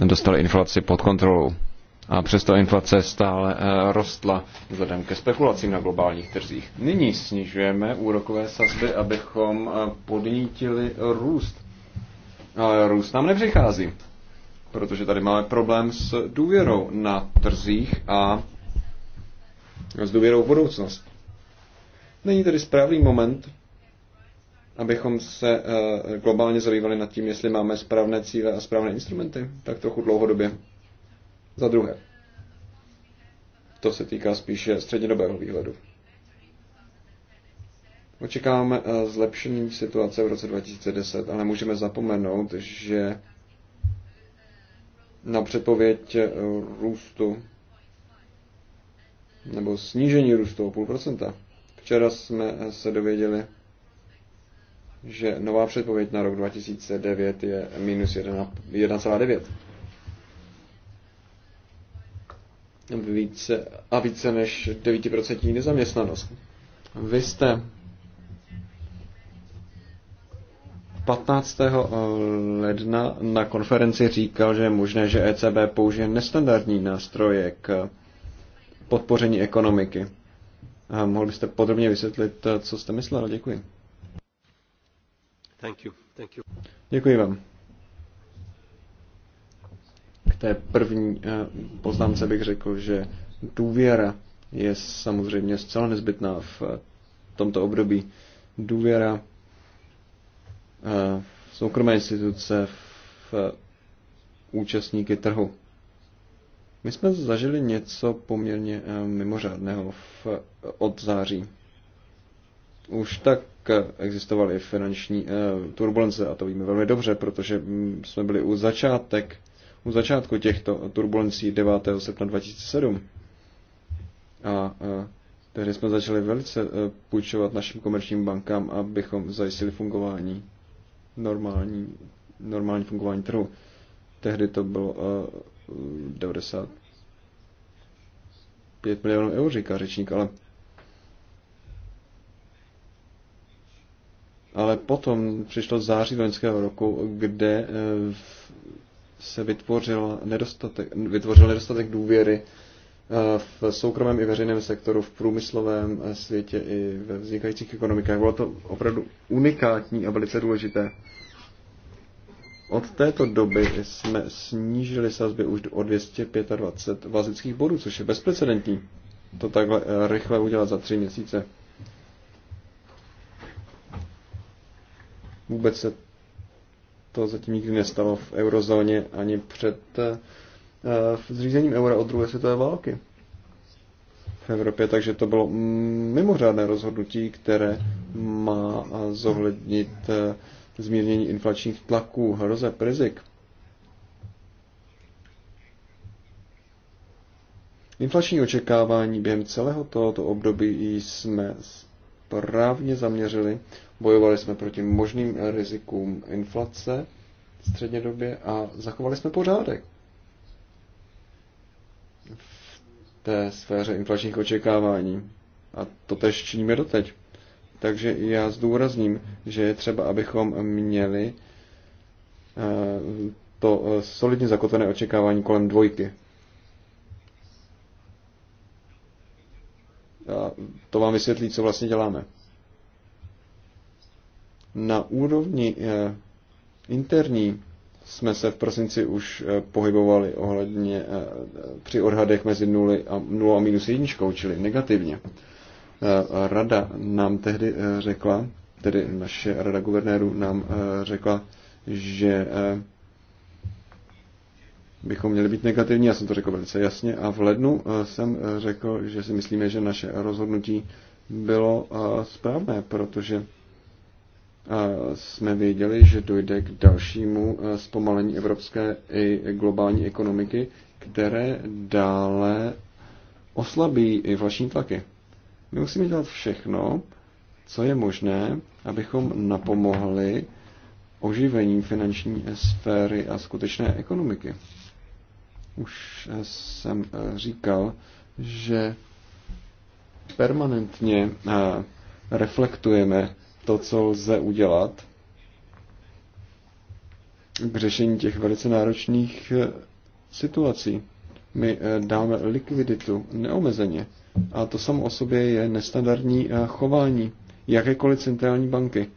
eh, dostali inflaci pod kontrolou. A přesto inflace stále eh, rostla vzhledem ke spekulacím na globálních trzích. Nyní snižujeme úrokové sazby, abychom podnítili růst. Ale růst nám nepřichází, protože tady máme problém s důvěrou na trzích a s důvěrou v budoucnost. Není tedy správný moment abychom se eh, globálně zabývali nad tím, jestli máme správné cíle a správné instrumenty, tak trochu dlouhodobě. Za druhé, to se týká spíše střednědobého výhledu. Očekáváme eh, zlepšení situace v roce 2010, ale můžeme zapomenout, že na předpověď eh, růstu nebo snížení růstu o půl procenta. Včera jsme se dověděli, že nová předpověď na rok 2009 je minus 1,9. Více a více než 9% nezaměstnanost. Vy jste 15. Eh, ledna na konferenci říkal, že je možné, že ECB použije nestandardní nástroje k podpoření ekonomiky. Eh, mohl byste podrobně vysvětlit, eh, co jste myslel? Děkuji. Thank you. Thank you. Děkuji vám. K té první eh, poznámce bych řekl, že důvěra je samozřejmě zcela nezbytná v eh, tomto období. Důvěra eh, v soukromé instituce, v účastníky trhu. My jsme zažili něco poměrně mimořádného v, od září. Už tak Eh, existovaly finanční eh, turbulence a to víme velmi dobře, protože mm, jsme byli u začátek, u začátku těchto turbulencí 9. srpna 2007. A eh, tehdy jsme začali velice půjčovat našim komerčním bankám, abychom zajistili fungování normální, normální fungování trhu. Tehdy to bylo 5 milionů eur, říká řečník, ale Ale potom přišlo září loňského roku, kde eh, se vytvořil nedostatek, vytvořil nedostatek důvěry eh, v soukromém i veřejném sektoru, v průmyslovém eh, světě i ve vznikajících ekonomikách. Bylo to opravdu unikátní a velice důležité. Od této doby jsme snížili sazby už o 225 vazických bodů, což je bezprecedentní. To takhle rychle udělat za tři měsíce. Vůbec se to zatím nikdy nestalo v eurozóně ani před eh, eh, zřízením eura od druhé světové války v Evropě, takže to bylo mimořádné rozhodnutí, které má zohlednit eh, zmírnění inflačních tlaků, hroze rizik. Inflační očekávání během celého tohoto období jsme správně zaměřili. Bojovali jsme proti možným rizikům inflace v střednědobě a zachovali jsme pořádek v té sféře inflačních očekávání. A to tež činíme doteď. Takže já zdůrazním, že je třeba, abychom měli eh, to eh, solidně zakotvené očekávání kolem dvojky. A to vám vysvětlí, co vlastně děláme. Na úrovni eh, interní jsme se v prosinci už eh, pohybovali ohledně eh, při odhadech mezi 0 a, 0 a minus jedničkou, čili negativně. Rada nám tehdy řekla, tedy naše rada guvernérů nám řekla, že bychom měli být negativní, já jsem to řekl velice jasně, a v lednu eh, jsem eh, řekl, že si myslíme, že naše rozhodnutí bylo eh, správné, protože jsme věděli, že dojde k dalšímu zpomalení evropské i globální ekonomiky, které dále oslabí inflační tlaky. My musíme dělat všechno, co je možné, abychom napomohli oživení finanční sféry a skutečné ekonomiky. Už jsem eh, říkal, že permanentně eh, reflektujeme to, co lze udělat k řešení těch velice náročných eh, situací. My dáme likviditu neomezeně. A to samo o sobě je nestandardní chování jakékoliv centrální banky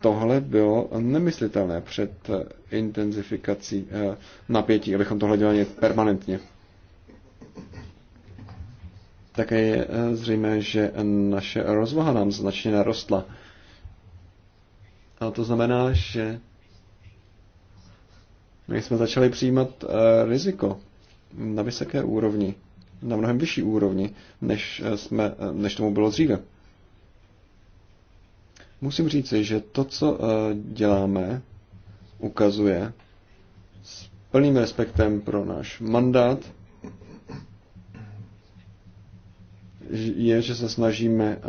tohle bylo nemyslitelné před intenzifikací eh, napětí, abychom tohle dělali permanentně. Také je eh, zřejmé, že naše rozvaha nám značně narostla. A to znamená, že my jsme začali přijímat eh, riziko na vysoké úrovni, na mnohem vyšší úrovni, než, jsme, než tomu bylo dříve. Musím říci, že to, co eh, děláme, ukazuje s plným respektem pro náš mandát, je, že se snažíme eh,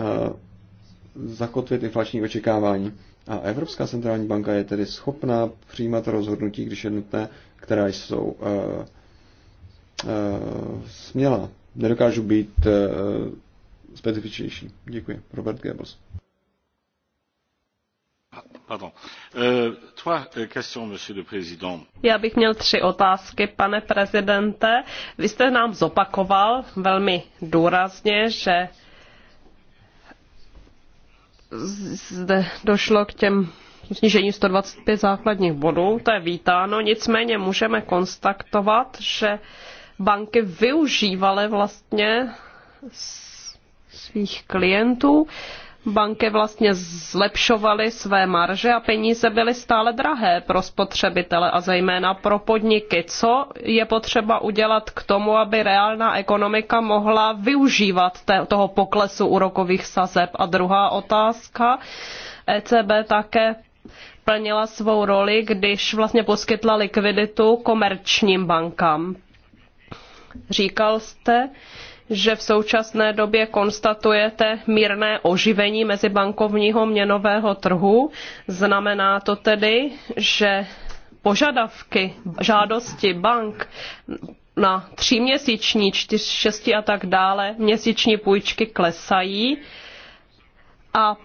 zakotvit inflační očekávání. A Evropská centrální banka je tedy schopná přijímat rozhodnutí, když je nutné, která jsou uh, eh, uh, směla. Nedokážu být uh, specifičnější. Děkuji. Robert Gables. Euh, euh, Já bych měl tři otázky, pane prezidente. Vy jste nám zopakoval velmi důrazně, že zde došlo k těm snížení 125 základních bodů, to je vítáno, nicméně můžeme konstatovat, že banky využívaly vlastně svých klientů banky vlastně zlepšovaly své marže a peníze byly stále drahé pro spotřebitele a zejména pro podniky. Co je potřeba udělat k tomu, aby reálná ekonomika mohla využívat toho poklesu úrokových sazeb? A druhá otázka, ECB také plnila svou roli, když vlastně poskytla likviditu komerčním bankám. Říkal jste, že v současné době konstatujete mírné oživení mezibankovního měnového trhu. Znamená to tedy, že požadavky, žádosti bank na tříměsíční, čtyř, šesti a tak dále měsíční půjčky klesají a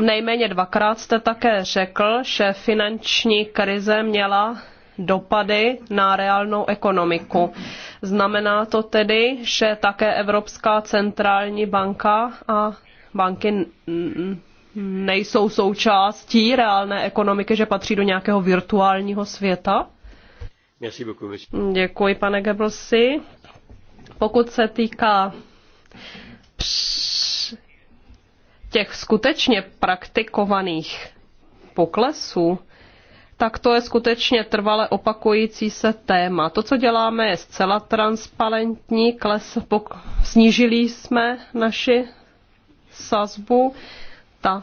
nejméně dvakrát jste také řekl, že finanční krize měla dopady na reálnou ekonomiku. Znamená to tedy, že také Evropská centrální banka a banky nejsou součástí reálné ekonomiky, že patří do nějakého virtuálního světa? Děkuji, pane Goebbelsi. Pokud se týká těch skutečně praktikovaných poklesů, tak to je skutečně trvale opakující se téma. To, co děláme, je zcela transparentní, kles, pok, snížili jsme naši sazbu, ta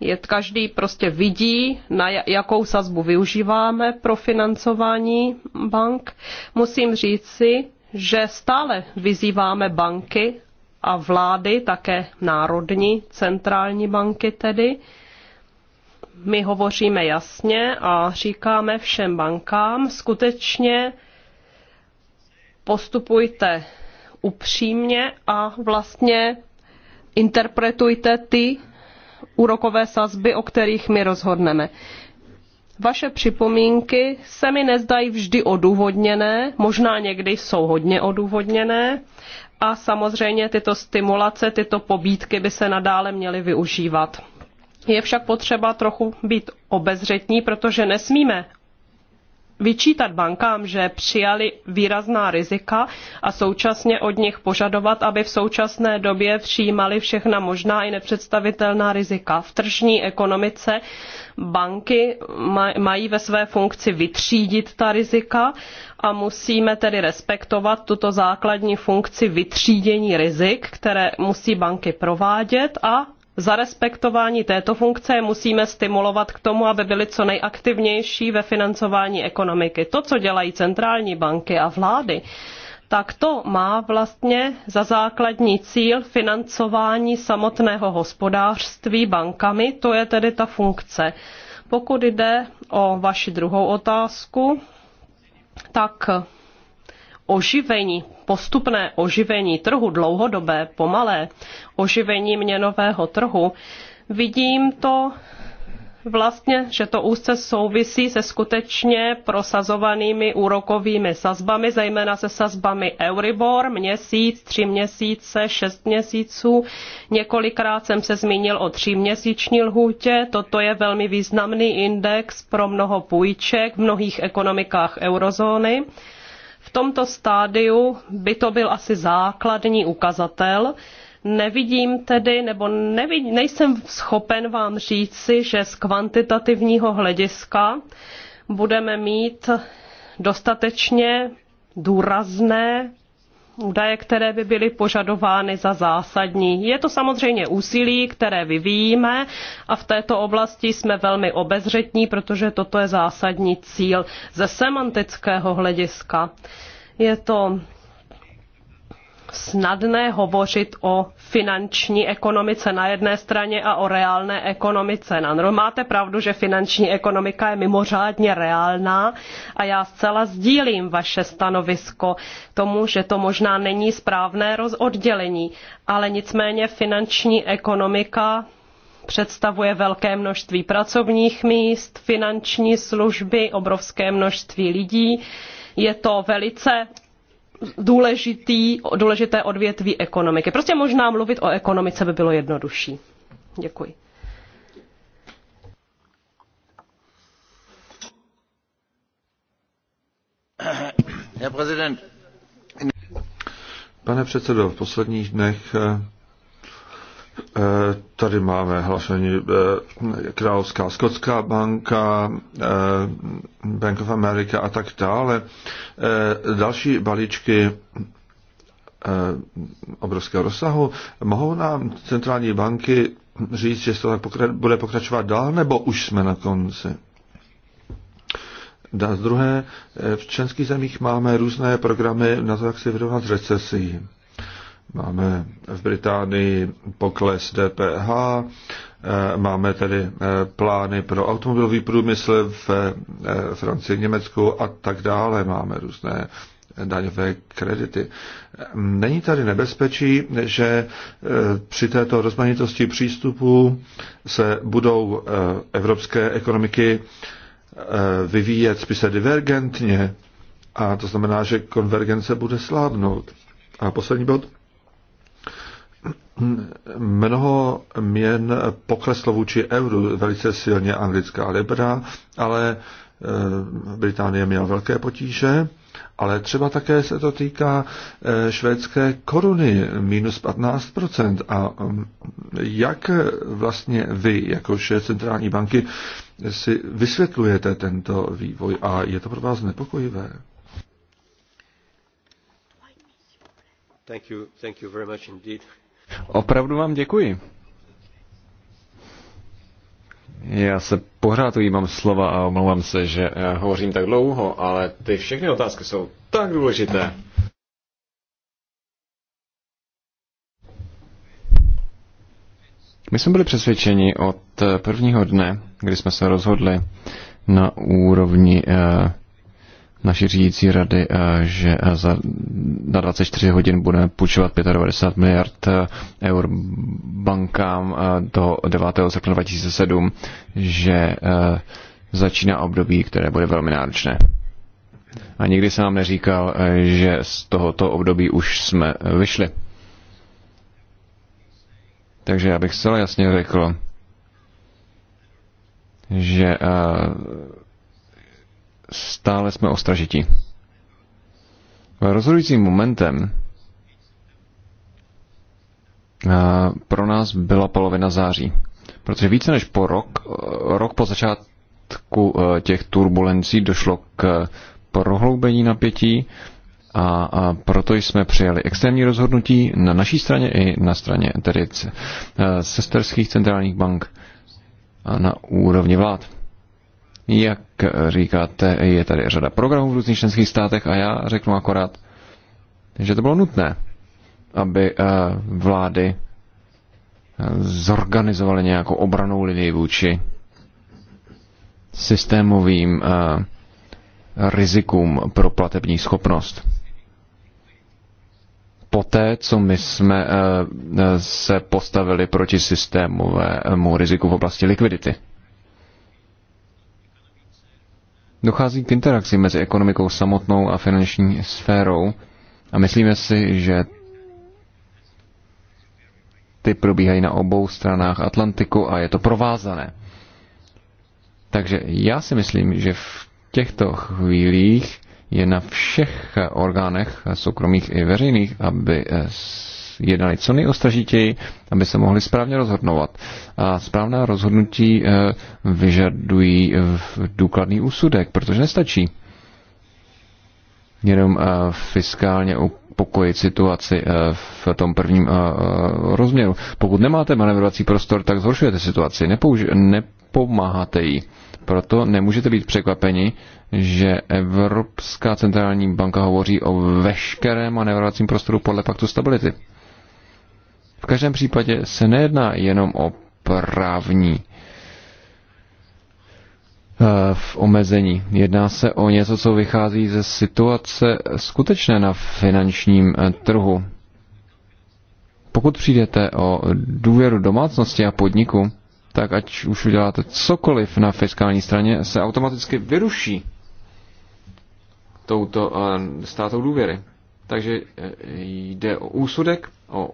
je, každý prostě vidí, na jakou sazbu využíváme pro financování bank. Musím říct si, že stále vyzýváme banky a vlády, také národní centrální banky tedy, my hovoříme jasně a říkáme všem bankám, skutečně postupujte upřímně a vlastně interpretujte ty úrokové sazby, o kterých my rozhodneme. Vaše připomínky se mi nezdají vždy odůvodněné, možná někdy jsou hodně odůvodněné a samozřejmě tyto stimulace, tyto pobídky by se nadále měly využívat. Je však potřeba trochu být obezřetní, protože nesmíme vyčítat bankám, že přijali výrazná rizika a současně od nich požadovat, aby v současné době přijímali všechna možná i nepředstavitelná rizika. V tržní ekonomice banky mají ve své funkci vytřídit ta rizika a musíme tedy respektovat tuto základní funkci vytřídění rizik, které musí banky provádět a za respektování této funkce musíme stimulovat k tomu, aby byly co nejaktivnější ve financování ekonomiky. To, co dělají centrální banky a vlády, tak to má vlastně za základní cíl financování samotného hospodářství bankami, to je tedy ta funkce. Pokud jde o vaši druhou otázku, tak oživení, postupné oživení trhu, dlouhodobé, pomalé oživení měnového trhu, vidím to vlastně, že to úzce souvisí se skutečně prosazovanými úrokovými sazbami, zejména se sazbami Euribor, měsíc, tři měsíce, šest měsíců. Několikrát jsem se zmínil o tříměsíční lhůtě. Toto je velmi významný index pro mnoho půjček v mnohých ekonomikách eurozóny tomto stádiu by to byl asi základní ukazatel. Nevidím tedy, nebo nevid, nejsem schopen vám říci, že z kvantitativního hlediska budeme mít dostatečně důrazné údaje, které by byly požadovány za zásadní. Je to samozřejmě úsilí, které vyvíjíme a v této oblasti jsme velmi obezřetní, protože toto je zásadní cíl ze semantického hlediska. Je to snadné hovořit o finanční ekonomice na jedné straně a o reálné ekonomice na druhé. Máte pravdu, že finanční ekonomika je mimořádně reálná a já zcela sdílím vaše stanovisko tomu, že to možná není správné rozoddělení, ale nicméně finanční ekonomika představuje velké množství pracovních míst, finanční služby, obrovské množství lidí. Je to velice důležitý, důležité odvětví ekonomiky. Prostě možná mluvit o ekonomice by bylo jednodušší. Děkuji. Pane předsedo, v posledních dnech eh, Eh, tady máme hlášení eh, Královská skotská banka, eh, Bank of America a tak dále. Další balíčky obrovského rozsahu. Mohou nám centrální banky říct, že to tak pokra- bude pokračovat dál, nebo už jsme na konci? A z druhé, v členských zemích máme různé programy na to, jak se vyrovnat recesí. Máme v Británii pokles DPH, eh, máme tedy eh, plány pro automobilový průmysl v eh, Francii, Německu a tak dále. Máme různé daňové kredity. Není tady nebezpečí, že při této rozmanitosti přístupů se budou evropské ekonomiky vyvíjet spíše divergentně a to znamená, že konvergence bude slábnout. A poslední bod mnoho měn pokleslo vůči euru, velice silně anglická libra, ale eh, Británie měla velké potíže, ale třeba také se to týká eh, švédské koruny, minus 15%. A mm, jak vlastně vy, jako šéf centrální banky, si vysvětlujete tento vývoj a je to pro vás nepokojivé? Thank you, thank you very much indeed. Opravdu vám děkuji. Já se pořád ujímám slova a omlouvám se, že eh, hovořím tak dlouho, ale ty všechny otázky jsou tak důležité. My jsme byli přesvědčeni od eh, prvního dne, kdy jsme se rozhodli na úrovni eh, naší řídící rady, eh, že eh, za, na 24 hodin budeme půjčovat 95 miliard eh, eur bankám do 9. srpna 2007, že začíná období, které bude velmi náročné. A nikdy jsem vám neříkal, že z tohoto období už jsme vyšli. Takže já bych zcela jasně řekl, že stále jsme ostražití. Rozhodujícím momentem pro nás byla polovina září, protože více než po rok, e, rok po začátku e, těch turbulencí došlo k prohloubení napětí a, proto jsme přijali extrémní rozhodnutí na naší straně i na straně tedy e, sesterských centrálních bank a na úrovni vlád. Jak říkáte, je tady řada programů v různých členských státech a já řeknu akorát, že to bylo nutné, aby eh, vlády eh, zorganizovaly nějakou obranou linii vůči systémovým eh, rizikům pro platební schopnost. Poté, co my jsme se postavili proti systémovému riziku v oblasti likvidity. Dochází k interakci mezi ekonomikou samotnou a finanční sférou a myslíme si, že ty probíhají na obou stranách Atlantiku a je to provázané. Takže já si myslím, že v těchto chvílích je na všech orgánech soukromých i veřejných, aby jednali co nejostražitěji, aby se mohli správně rozhodnovat. A správná rozhodnutí eh, vyžadují eh, důkladný úsudek, protože nestačí jenom eh, fiskálně upokojit situaci v tom prvním rozměru. Pokud nemáte manevrovací prostor, tak zhoršujete situaci, nepouži- nepomáháte jí. Proto nemůžete být překvapeni, že Evropská centrální banka hovoří o veškerém manevrovacím prostoru podle paktu stability. V každém případě se nejedná jenom o právní eh, v omezení. Jedná se o něco, co vychází ze situace skutečné na finančním eh, trhu. Pokud přijdete o důvěru domácnosti a podniku, tak ať už uděláte cokoliv na fiskální straně, se automaticky vyruší touto státou eh, důvěry. Takže jde o úsudek, o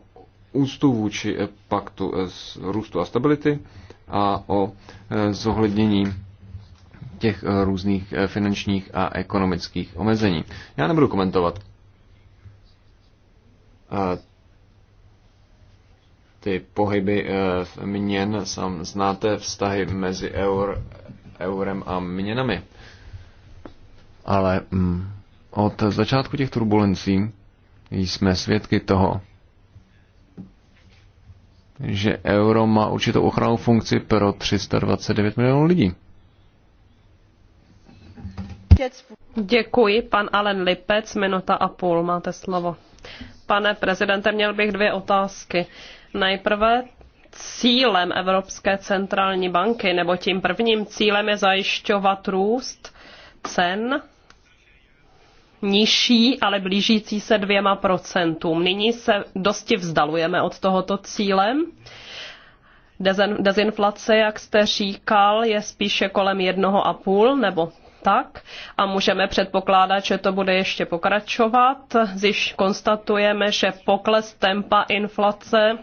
úctu vůči eh, paktu z eh, růstu a stability a o eh, zohlednění těch různých finančních a ekonomických omezení. Já nebudu komentovat ty pohyby v měn, sám znáte vztahy mezi eur, eurem a měnami. Ale mm, od začátku těch turbulencí jsme svědky toho, že euro má určitou ochranou funkci pro 329 milionů lidí. Děkuji, pan Alen Lipec, minuta a půl, máte slovo. Pane prezidente, měl bych dvě otázky. Nejprve cílem Evropské centrální banky, nebo tím prvním cílem je zajišťovat růst cen nižší, ale blížící se dvěma procentům. Nyní se dosti vzdalujeme od tohoto cíle. Dezinflace, jak jste říkal, je spíše kolem jednoho a půl nebo tak a můžeme předpokládat, že to bude ještě pokračovat. Když konstatujeme, že pokles tempa inflace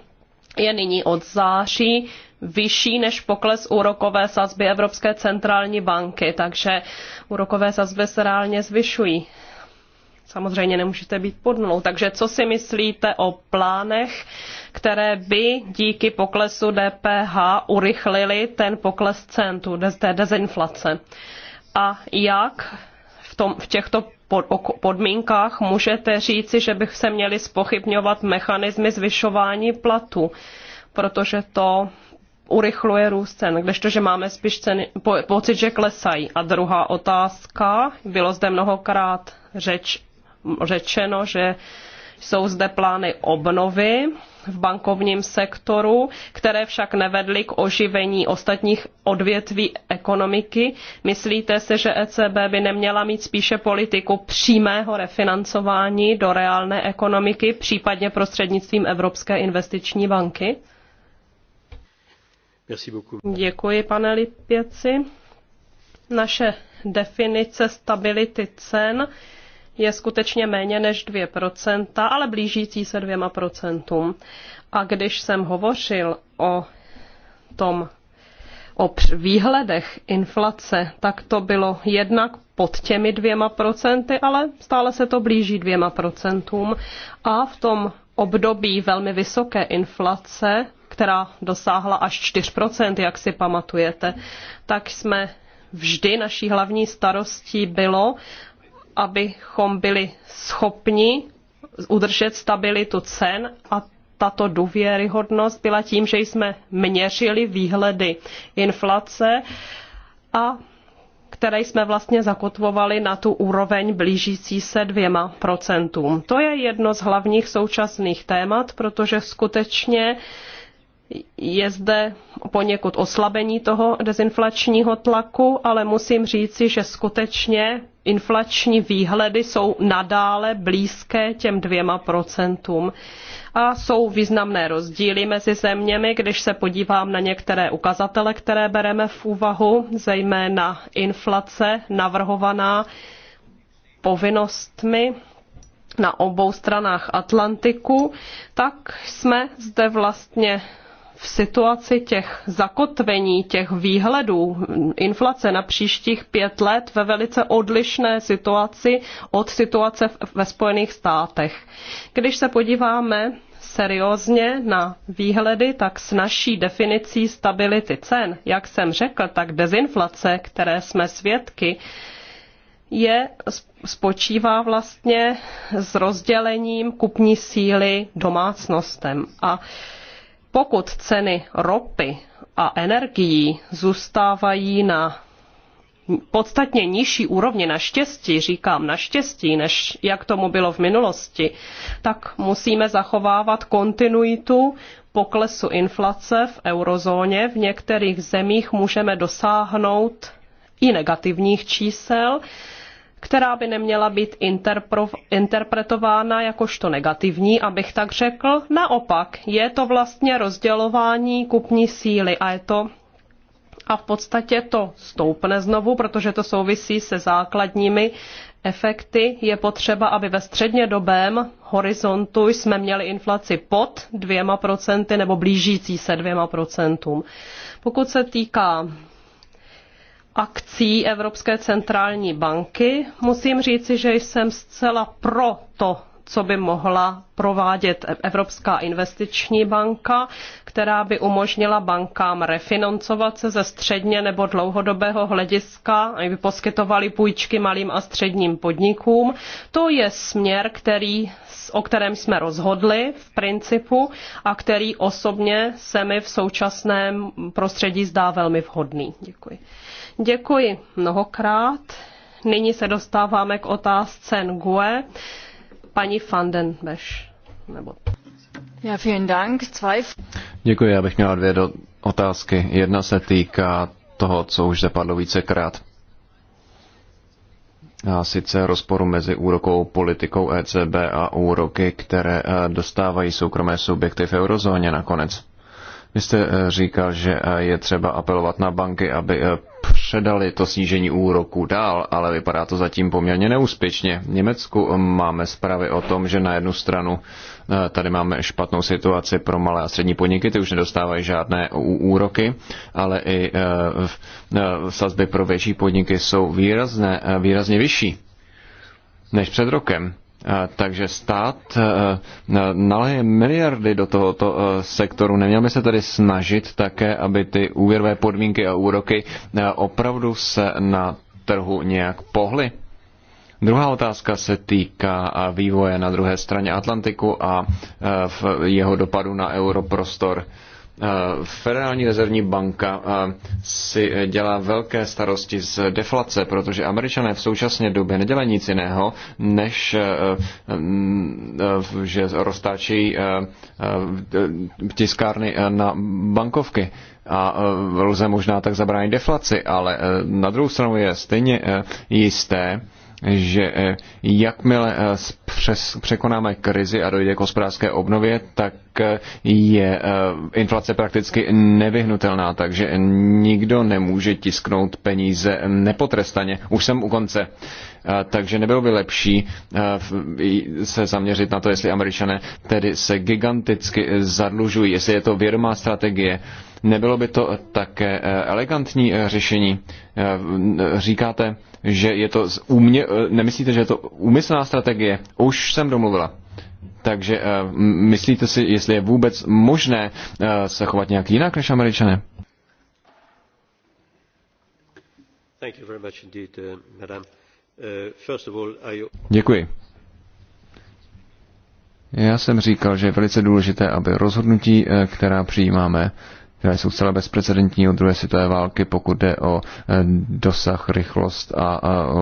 je nyní od září vyšší než pokles úrokové sazby Evropské centrální banky, takže úrokové sazby se reálně zvyšují samozřejmě nemůžete být pod nulou. Takže co si myslíte o plánech, které by díky poklesu DPH urychlily ten pokles cen, tu té dezinflace? A jak v, tom, v těchto podmínkách můžete říci, že bych se měli spochybňovat mechanismy zvyšování platu, protože to urychluje růst cen, kdežto, že máme spíš ceny, po, pocit, že klesají. A druhá otázka, bylo zde mnohokrát řeč řečeno, že jsou zde plány obnovy v bankovním sektoru, které však nevedly k oživení ostatních odvětví ekonomiky. Myslíte si, že ECB by neměla mít spíše politiku přímého refinancování do reálné ekonomiky, případně prostřednictvím Evropské investiční banky? Děkuji, pane Lipěci. Naše definice stability cen je skutečně méně než 2%, ale blížící se 2%. A když jsem hovořil o tom o výhledech inflace, tak to bylo jednak pod těmi dvěma procenty, ale stále se to blíží dvěma procentům. A v tom období velmi vysoké inflace, která dosáhla až 4%, jak si pamatujete, tak jsme vždy naší hlavní starostí bylo, abychom byli schopni udržet stabilitu cen a tato důvěryhodnost byla tím, že jsme měřili výhledy inflace a které jsme vlastně zakotvovali na tu úroveň blížící se dvěma procentům. To je jedno z hlavních současných témat, protože skutečně je zde poněkud oslabení toho dezinflačního tlaku, ale musím říci, že skutečně inflační výhledy jsou nadále blízké těm dvěma procentům. A jsou významné rozdíly mezi zeměmi, když se podívám na některé ukazatele, které bereme v úvahu, zejména inflace navrhovaná povinnostmi na obou stranách Atlantiku, tak jsme zde vlastně v situaci těch zakotvení, těch výhledů inflace na příštích pět let ve velice odlišné situaci od situace ve Spojených státech. Když se podíváme seriózně na výhledy, tak s naší definicí stability cen, jak jsem řekl, tak dezinflace, které jsme svědky, je, spočívá vlastně s rozdělením kupní síly domácnostem. A pokud ceny ropy a energií zůstávají na podstatně nižší úrovni naštěstí, říkám naštěstí, než jak tomu bylo v minulosti, tak musíme zachovávat kontinuitu poklesu inflace v eurozóně. V některých zemích můžeme dosáhnout i negativních čísel, která by neměla být interpretována jakožto negativní, abych tak řekl. Naopak, je to vlastně rozdělování kupní síly a je to a v podstatě to stoupne znovu, protože to souvisí se základními efekty. Je potřeba, aby ve střednědobém horizontu jsme měli inflaci pod dvěma procenty nebo blížící se dvěma procentům. Pokud se týká akcí Evropské centrální banky. Musím říci, že jsem zcela pro to, co by mohla provádět Evropská investiční banka, která by umožnila bankám refinancovat se ze středně nebo dlouhodobého hlediska, aby by poskytovali půjčky malým a středním podnikům. To je směr, který, o kterém jsme rozhodli v principu a který osobně se mi v současném prostředí zdá velmi vhodný. Děkuji. Děkuji mnohokrát. Nyní se dostáváme k otázce Ngue. Paní Fandenbeš. Nebo... Ja, vielen Dank. Zwei... Děkuji, já bych měla dvě do... otázky. Jedna se týká toho, co už zapadlo vícekrát. A sice rozporu mezi úrokovou politikou ECB a úroky, které eh, dostávají soukromé subjekty v eurozóně nakonec. Vy jste eh, říkal, že eh, je třeba apelovat na banky, aby eh, předali to snížení úroku dál, ale vypadá to zatím poměrně neúspěšně. V Německu máme zprávy o tom, že na jednu stranu tady máme špatnou situaci pro malé a střední podniky, ty už nedostávají žádné úroky, ale i sazby pro větší podniky jsou výrazné, výrazně vyšší než před rokem. Takže stát naleje miliardy do tohoto sektoru. Neměl by se tedy snažit také, aby ty úvěrové podmínky a úroky opravdu se na trhu nějak pohly? Druhá otázka se týká vývoje na druhé straně Atlantiku a jeho dopadu na europrostor. prostor Eh, Federální rezervní banka eh, si dělá velké starosti z deflace, protože američané v současné době nedělají nic jiného, než eh, mm, že roztáčí tiskárny na bankovky a lze možná tak zabránit deflaci, ale na druhou stranu je stejně jisté, že eh, jakmile eh, přes, překonáme krizi a dojde k hospodářské obnově, tak eh, je inflace prakticky nevyhnutelná, takže nikdo nemůže tisknout peníze nepotrestaně. Už jsem u konce. Takže nebylo by lepší se zaměřit na to, jestli američané tedy se giganticky zadlužují, jestli je to vědomá strategie. Nebylo by to také elegantní řešení? Říkáte, že je to umě, eh, nemyslíte, že je to úmyslná strategie? Už jsem domluvila. Takže eh, myslíte si, jestli je vůbec možné eh, se chovat nějak jinak než američané? Děkuji. Já jsem říkal, že je velice důležité, aby rozhodnutí, která přijímáme, které jsou zcela bezprecedentní od druhé světové války, pokud jde o eh, dosah, rychlost a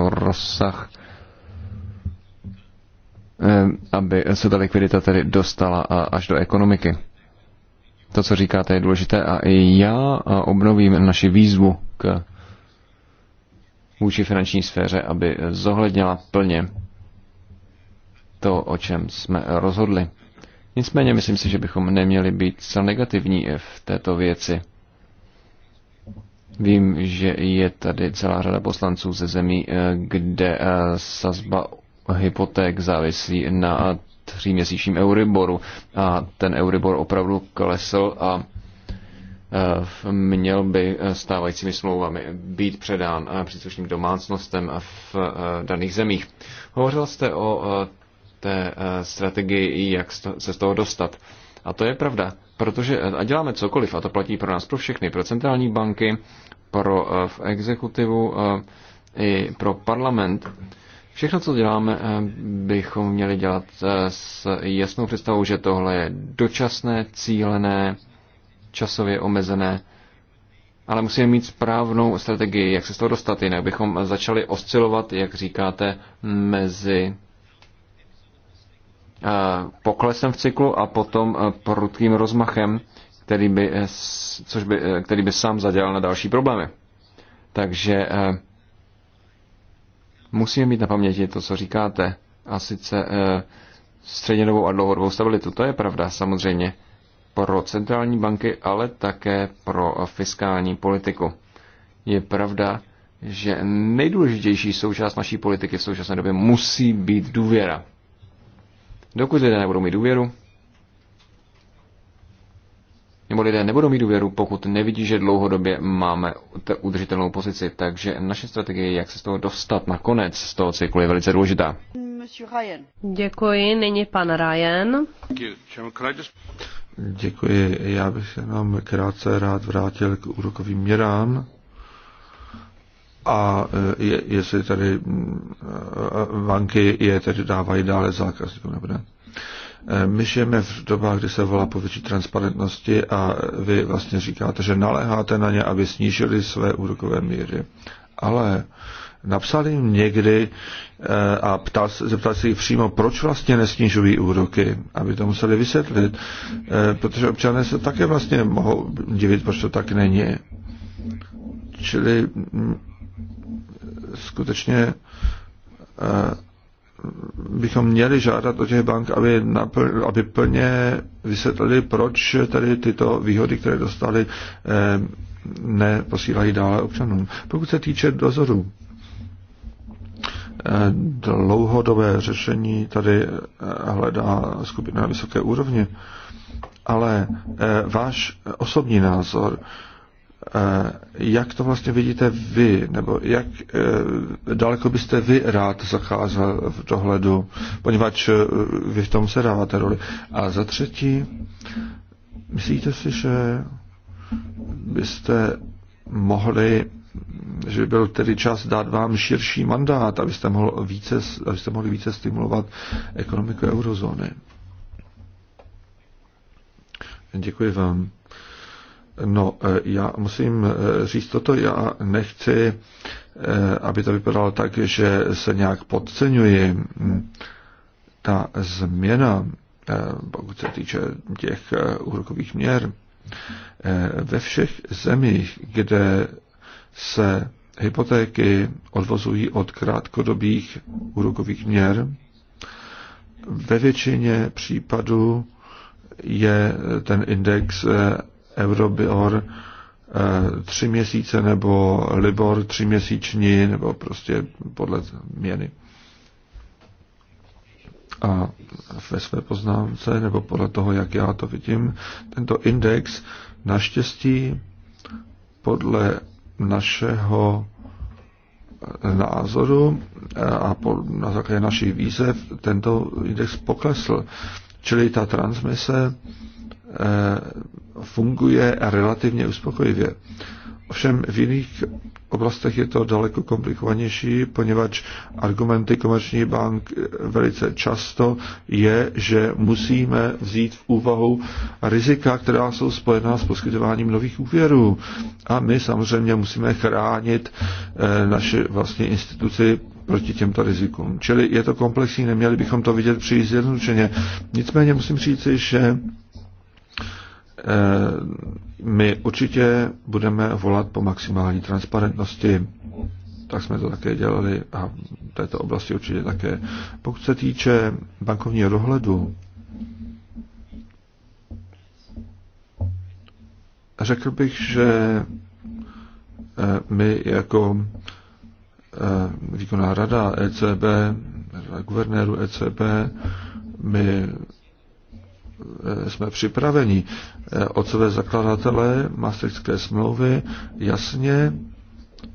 rozsah eh, aby se ta likvidita tedy dostala až do ekonomiky. To, co říkáte, je důležité a i já obnovím naši výzvu k vůči finanční sféře, aby zohlednila plně to, o čem jsme rozhodli. Nicméně myslím si, že bychom neměli být zcela negativní v této věci. Vím, že je tady celá řada poslanců ze zemí, eh, kde eh, sazba hypoték závisí na tříměsíčním Euriboru a ten Euribor opravdu klesl a eh, měl by stávajícími smlouvami být předán příslušným domácnostem v daných zemích. Hovořil jste o té eh, strategii, jak se z toho dostat. A to je pravda, protože eh, a děláme cokoliv, a to platí pro nás, pro všechny, pro centrální banky, pro eh, v exekutivu i pro parlament. Všechno, co děláme, bychom měli dělat s jasnou představou, že tohle je dočasné, cílené, časově omezené, ale musíme mít správnou strategii, jak se z toho dostat, jinak bychom začali oscilovat, jak říkáte, mezi Eh, poklesem v cyklu a potom eh, prudkým rozmachem, který by, eh, což by, který by sám zadělal na další problémy. Takže musíme mít na paměti to, co říkáte, a sice střednědobou a dlouhodobou stabilitu. To je pravda samozřejmě pro centrální banky, ale také pro fiskální politiku. Je pravda, že nejdůležitější součást naší politiky v současné době musí být důvěra. Dokud lidé nebudou mít důvěru, nebo lidé nebudou mít důvěru, pokud nevidí, že dlouhodobě máme udržitelnou pozici. Takže naše strategie, jak se z toho dostat konec z toho cyklu, je velice důležitá. Děkuji, nyní pan Ryan. Děkuji, já bych se nám krátce rád vrátil k úrokovým měrám a e, je, jestli tady e, banky je tedy dávají dále zákaz, nebo ne. E, my žijeme v dobách, kdy se volá po větší transparentnosti a vy vlastně říkáte, že naléháte na ně, aby snížili své úrokové míry. Ale napsal jim někdy a ptal, zeptal se jich přímo, proč vlastně nesnižují úroky, aby to museli vysvětlit, protože občané se také vlastně mohou divit, proč to tak není. Čili skutečně eh, bychom měli žádat o těch bank, aby, napl, aby plně vysvětlili, proč tady tyto výhody, které dostali, eh, neposílají dále občanům. Pokud se týče dozoru, eh, dlouhodobé řešení tady hledá skupina na vysoké úrovni, ale váš osobní názor, jak to vlastně vidíte vy, nebo jak eh, daleko byste vy rád zacházel v dohledu, poněvadž eh, vy v tom se dáváte roli. A za třetí, myslíte si, že byste mohli, že by byl tedy čas dát vám širší mandát, abyste, mohl více, abyste mohli více stimulovat ekonomiku eurozóny? Děkuji vám. No, e, já musím e, říct toto, já nechci, e, aby to vypadalo tak, že se nějak podceňuji. Ta změna, pokud se týče těch úrokových měr, ve všech zemích, kde se hypotéky odvozují od krátkodobých úrokových měr, ve většině případů je ten index Eurobior eh, tři měsíce nebo Libor tři měsíční nebo prostě podle měny. A ve své poznámce, nebo podle toho, jak já to vidím, tento index naštěstí podle našeho eh, názoru eh, a na základě našich výzev tento index poklesl. Čili ta transmise Eh, funguje relativně uspokojivě. Ovšem v jiných oblastech je to daleko komplikovanější, poněvadž argumenty komerční bank velice často je, že musíme vzít v úvahu rizika, která jsou spojená s poskytováním nových úvěrů. A my samozřejmě musíme chránit eh, naše vlastní instituci proti těmto rizikům. Čili je to komplexní, neměli bychom to vidět příliš zjednodušeně. Nicméně musím říci, že Eh, my určitě budeme volat po maximální transparentnosti. Tak jsme to také dělali a v této oblasti určitě také. Pokud se týče bankovního dohledu, řekl bych, že eh, my jako eh, výkonná rada ECB, guvernéru ECB, my Eh, jsme připraveni. Eh, otcové zakladatelé Maastrichtské smlouvy jasně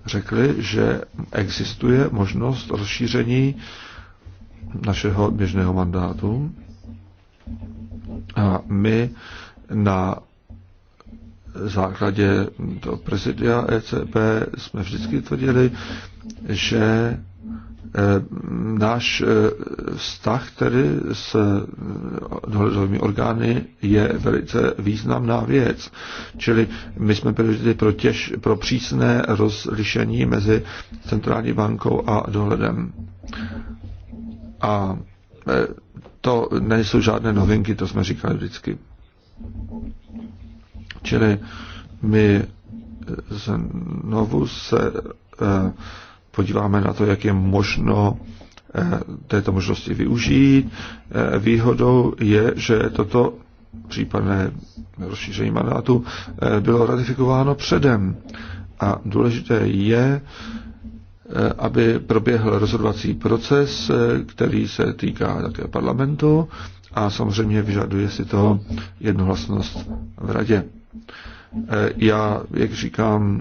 řekli, že existuje možnost rozšíření našeho běžného mandátu a my na základě toho prezidia ECB jsme vždycky tvrdili, že Eh, náš eh, vztah tedy s eh, dohledovými orgány je velice významná věc. Čili my jsme byli vždy pro, těž, pro přísné rozlišení mezi centrální bankou a dohledem. A to nejsou žádné novinky, to jsme říkali vždycky. Čili my znovu se eh, podíváme na to, jak je možno eh, této možnosti využít. Eh, výhodou je, že toto případné rozšíření mandátu eh, bylo ratifikováno předem. A důležité je, aby proběhl rozhodovací proces, který se týká také parlamentu a samozřejmě vyžaduje si to jednohlasnost v radě. Eh, já, jak říkám,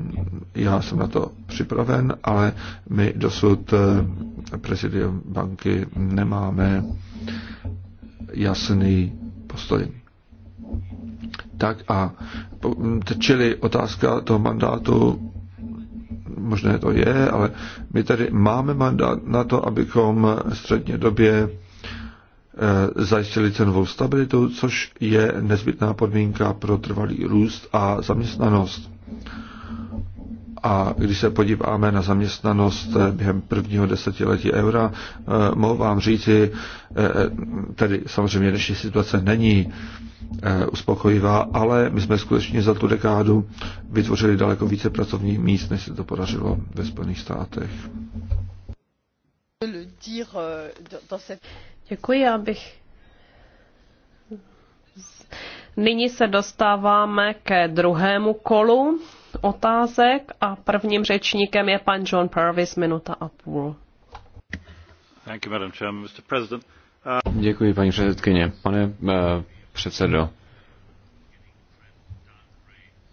já jsem na to připraven, ale my dosud eh, prezidium banky nemáme jasný postoj. Tak a čili otázka toho mandátu, možné to je, ale my tady máme mandát na to, abychom středně době Eh, zajistili cenovou stabilitu, což je nezbytná podmínka pro trvalý růst a zaměstnanost. A když se podíváme na zaměstnanost eh, během prvního desetiletí eura, eh, mohu vám říci, tedy samozřejmě dnešní situace není uspokojivá, ale my jsme skutečně za tu dekádu vytvořili daleko více pracovních míst, než se to podařilo ve Spojených státech Děkuji, já bych... Nyní se dostáváme ke druhému kolu otázek a prvním řečníkem je pan John Purvis, minuta a půl. Uh, Děkuji, paní předsedkyně. Pane uh, předsedo,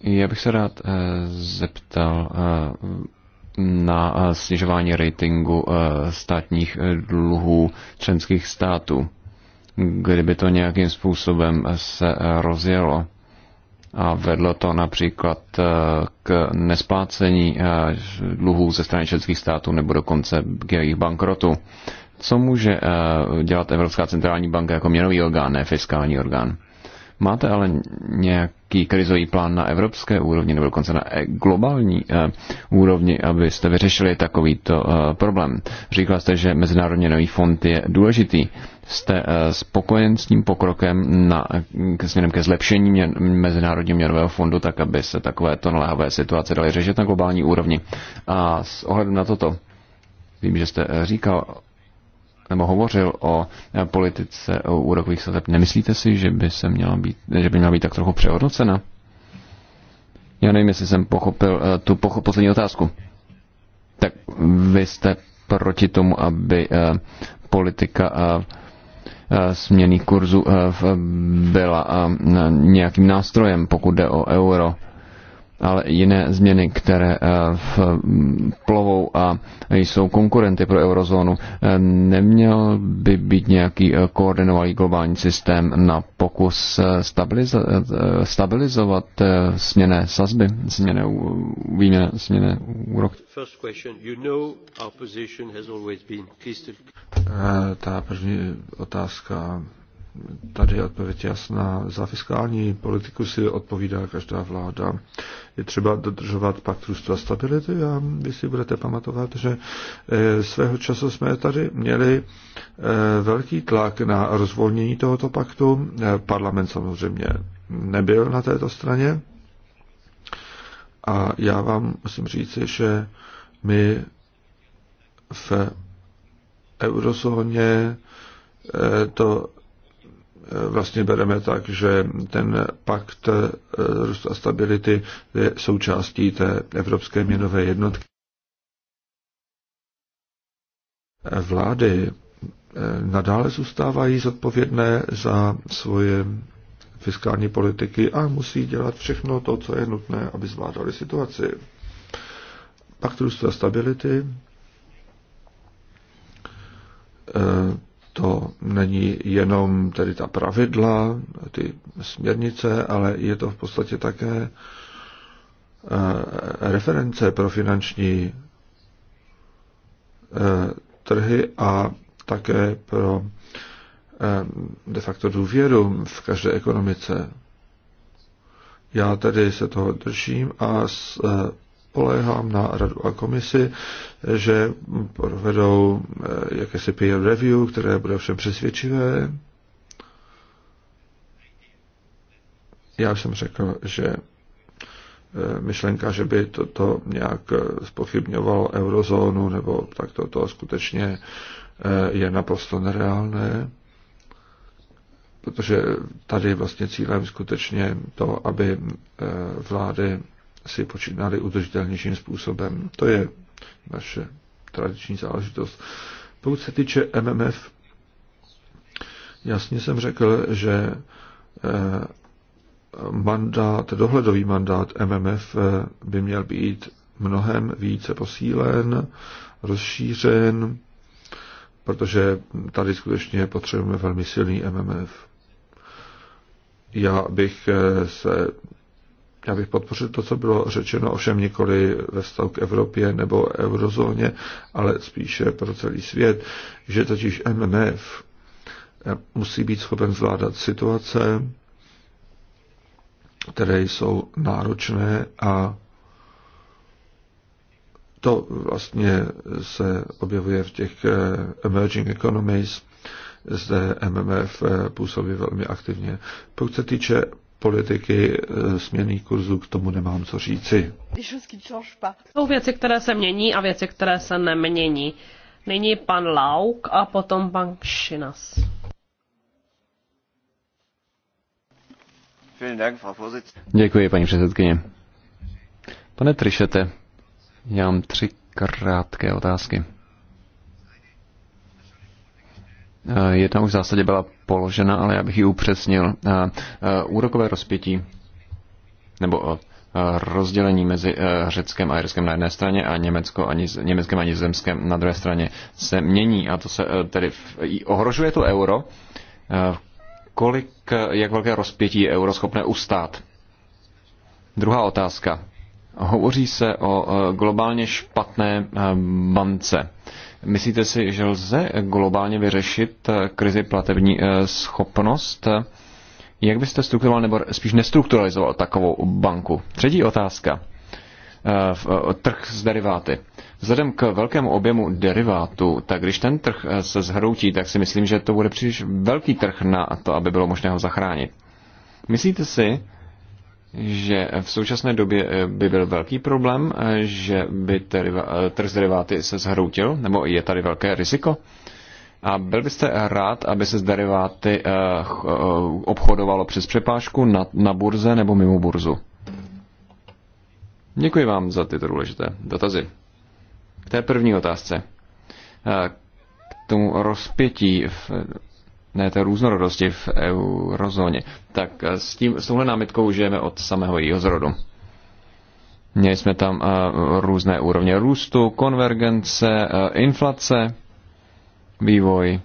já bych se rád uh, zeptal, uh, na eh, snižování ratingu eh, státních eh, dluhů členských států, kdyby to nějakým způsobem se rozjelo a vedlo to například k nesplácení dluhů ze strany členských států nebo dokonce k jejich bankrotu. Co může dělat Evropská centrální banka jako měnový orgán, ne fiskální orgán? Máte ale nějaký krizový plán na evropské úrovni nebo dokonce na e, globální e, úrovni, abyste vyřešili takovýto e, problém? Říkal jste, že Mezinárodní nový fond je důležitý. Jste spokojen s tím pokrokem na, směrem ke zlepšení mě, Mezinárodního měnového fondu, tak aby se takovéto naléhavé situace daly řešit na globální úrovni? A s ohledem na toto, vím, že jste říkal nebo hovořil o e, politice o úrokových sazeb, nemyslíte si, že by, se měla být, že by měla být tak trochu přehodnocena? Já nevím, jestli jsem pochopil e, tu poslední otázku. Tak vy jste proti tomu, aby e, politika směných kurzů byla nějakým nástrojem, pokud jde o euro ale jiné změny, které eh, v mm, plovou a jsou konkurenty pro eurozónu, eh, neměl by být nějaký eh, koordinovaný globální systém na pokus stabilizovat, stabilizovat směné sazby, směné, výměny, směné úrok? Ta první otázka Tady je odpověď jasná. Za fiskální politiku si odpovídá každá vláda. Je třeba dodržovat pakt růstu a stability a vy si budete pamatovat, že eh, svého času jsme tady měli eh, velký tlak na rozvolnění tohoto paktu. Eh, parlament samozřejmě nebyl na této straně. A já vám musím říci, že my v eurozóně to vlastně bereme tak, že ten pakt eh, růstu a stability je součástí té Evropské měnové jednotky. Vlády eh, nadále zůstávají zodpovědné za svoje fiskální politiky a musí dělat všechno to, co je nutné, aby zvládali situaci. Pakt růstu a stability eh, to není jenom tedy ta pravidla, ty směrnice, ale je to v podstatě také eh, reference pro finanční eh, trhy a také pro eh, de facto důvěru v každé ekonomice. Já tedy se toho držím a spolehám na radu a komisi, že provedou eh, jakési peer review, které bude všem přesvědčivé. Já jsem řekl, že eh, myšlenka, že by toto nějak eh, spochybňoval eurozónu, nebo tak to, to skutečně je naprosto nereálné, protože tady vlastně cílem skutečně to, aby vlády si počínali udržitelnějším způsobem. To je naše tradiční záležitost. Pokud se týče MMF, jasně jsem řekl, že eh, mandát, dohledový mandát MMF eh, by měl být mnohem více posílen, rozšířen, protože tady skutečně potřebujeme velmi silný MMF. Já bych eh, se já bych podpořil to, co bylo řečeno, ovšem nikoli ve vztahu k Evropě nebo eurozóně, ale spíše pro celý svět, že totiž MMF musí být schopen zvládat situace, které jsou náročné a to vlastně se objevuje v těch eh, emerging economies, zde MMF působí velmi aktivně. Pokud se týče politiky eh, směrných kurzů, k tomu nemám co říci. Jsou věci, které se mění a věci, které se nemění. Nyní pan Lauk a potom pan Šinas. Děkuji, paní předsedkyně. Pane Trišete, já mám tři krátké otázky. Eh, jedna už v zásadě byla položena, ale já bych ji upřesnil. Úrokové rozpětí nebo rozdělení mezi Řeckem a Irskem na jedné straně a Německo ani Německem a Nizozemskem na druhé straně se mění a to se e, tedy ohrožuje to euro. E, kolik, e, jak velké rozpětí je euro schopné ustát? Druhá otázka. Hovoří se o globálně špatné bance. Myslíte si, že lze globálně vyřešit eh, krizi platební eh, schopnost? Jak byste strukturoval nebo spíš nestrukturalizoval takovou banku? Třetí otázka. Eh, trh s deriváty. Vzhledem k velkému objemu derivátu, tak když ten trh se zhroutí, tak si myslím, že to bude příliš velký trh na to, aby bylo možné ho zachránit. Myslíte si, že v současné době eh, by byl velký problém, eh, že by eh, trh s deriváty se zhroutil, nebo je tady velké riziko? A byl byste rád, aby se s deriváty obchodovalo přes přepážku na, na burze nebo mimo burzu? Děkuji vám za tyto důležité dotazy. K té první otázce. K tomu rozpětí v ne té různorodosti v eurozóně. Tak eh, s, tím, s touhle námitkou žijeme od samého jejího zrodu. Měli jsme tam eh, různé úrovně růstu, konvergence, eh, inflace, vývoj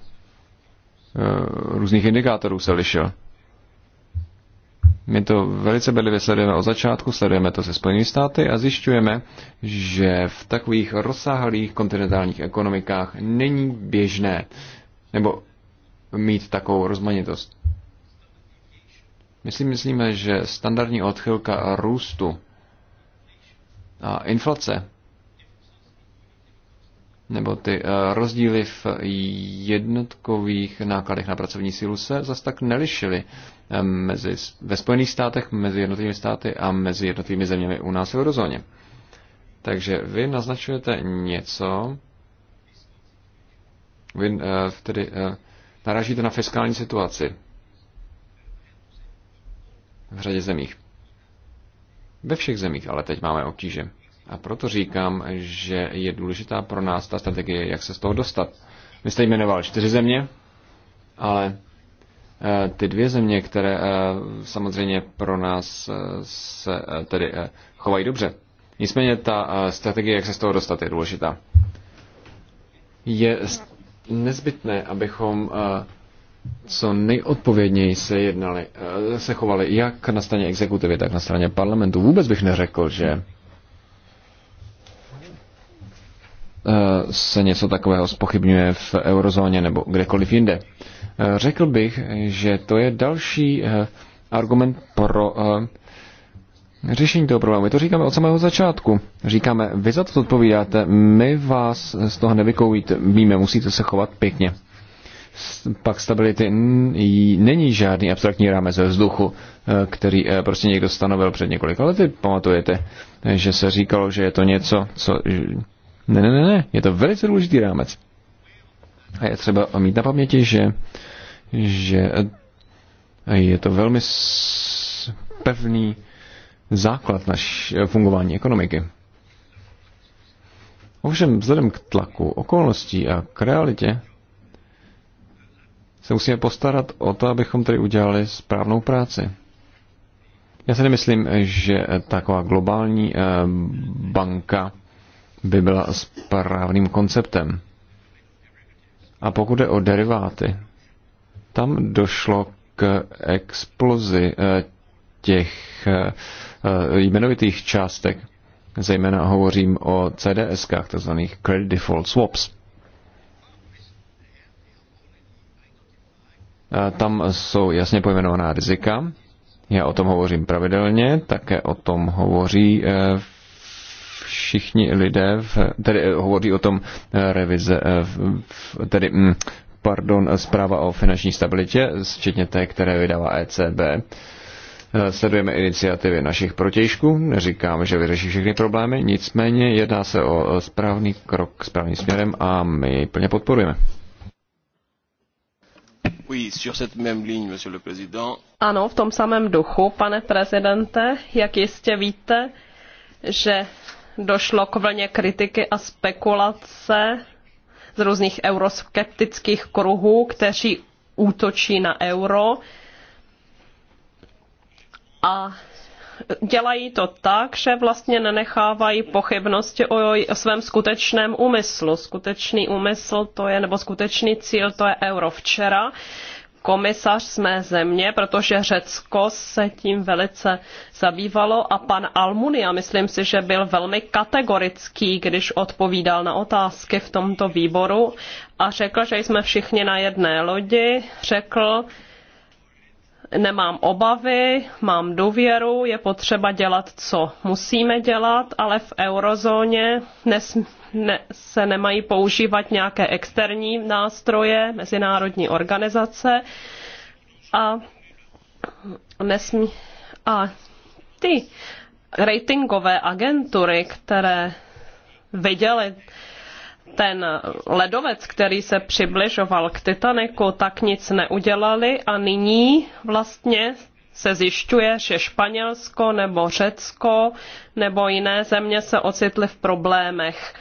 různých indikátorů se lišil. My to velice bedlivě sledujeme od začátku, sledujeme to se Spojenými státy a zjišťujeme, že v takových rozsáhlých kontinentálních ekonomikách není běžné, nebo mít takovou rozmanitost. My si myslíme, že standardní odchylka růstu a inflace nebo ty eh, rozdíly v jednotkových nákladech na pracovní sílu se zase tak nelišily eh, mezi, ve Spojených státech, mezi jednotlivými státy a mezi jednotlivými zeměmi u nás v eurozóně. Takže vy naznačujete něco, vy eh, tedy narážíte na fiskální situaci v řadě zemích. Ve všech zemích, ale teď máme obtíže. A proto říkám, že je důležitá pro nás ta strategie, jak se z toho dostat. Vy jste jmenoval čtyři země, ale eh, ty dvě země, které eh, samozřejmě pro nás eh, se tedy chovají dobře. Nicméně ta strategie, jak se z toho dostat, je důležitá. Je nezbytné, abychom eh, co nejodpovědněji se jednali, eh, se chovali jak na straně exekutivy, tak na straně parlamentu. Vůbec bych neřekl, že eh, se něco takového spochybňuje v eurozóně nebo kdekoliv jinde. Řekl bych, že to je další argument pro řešení toho problému. My to říkáme od samého začátku. Říkáme, vy za to odpovídáte, my vás z toho nevykoujíte, musíte se chovat pěkně. Pak stability není žádný abstraktní rámec ze vzduchu, eh, který eh, prostě někdo stanovil před několika lety. Pamatujete, že se říkalo, že je to něco, co... Ne, ne, ne, ne, je to velice důležitý rámec. A je třeba mít na paměti, že, že eh, je to velmi pevný základ naš eh, fungování ekonomiky. Ovšem, vzhledem k tlaku, okolností a k realitě, se musíme postarat o to, abychom tady udělali správnou práci. Já si nemyslím, že taková globální eh, banka by byla správným konceptem. A pokud je o deriváty, tam došlo k explozi eh, těch Eh, jmenovitých částek. Zejména hovořím o CDS-kách, tzv. Credit Default Swaps. Eh, tam jsou jasně pojmenovaná rizika. Já o tom hovořím pravidelně, také o tom hovoří eh, všichni lidé, v, tedy hovoří o tom revize, v, tedy hm, pardon, zpráva o finanční stabilitě, včetně té, které vydává ECB. Eh, sledujeme iniciativy našich protějšků, Neříkám, že vyřeší všechny problémy, nicméně jedná se o eh, správný krok správným směrem a my jej plně podporujeme. Ano, v tom samém duchu, pane prezidente, jak jistě víte, že došlo k vlně kritiky a spekulace z různých euroskeptických kruhů, kteří útočí na euro a dělají to tak, že vlastně nenechávají pochybnosti o svém skutečném úmyslu. Skutečný úmysl to je, nebo skutečný cíl to je euro včera. Komisař z mé země, protože Řecko se tím velice zabývalo a pan Almunia, myslím si, že byl velmi kategorický, když odpovídal na otázky v tomto výboru a řekl, že jsme všichni na jedné lodi, řekl, nemám obavy, mám důvěru, je potřeba dělat, co musíme dělat, ale v eurozóně nes, ne, se nemají používat nějaké externí nástroje, mezinárodní organizace a, nesmí, a ty ratingové agentury, které viděly ten ledovec, který se přibližoval k Titaniku, tak nic neudělali a nyní vlastně se zjišťuje, že Španělsko nebo Řecko nebo jiné země se ocitly v problémech.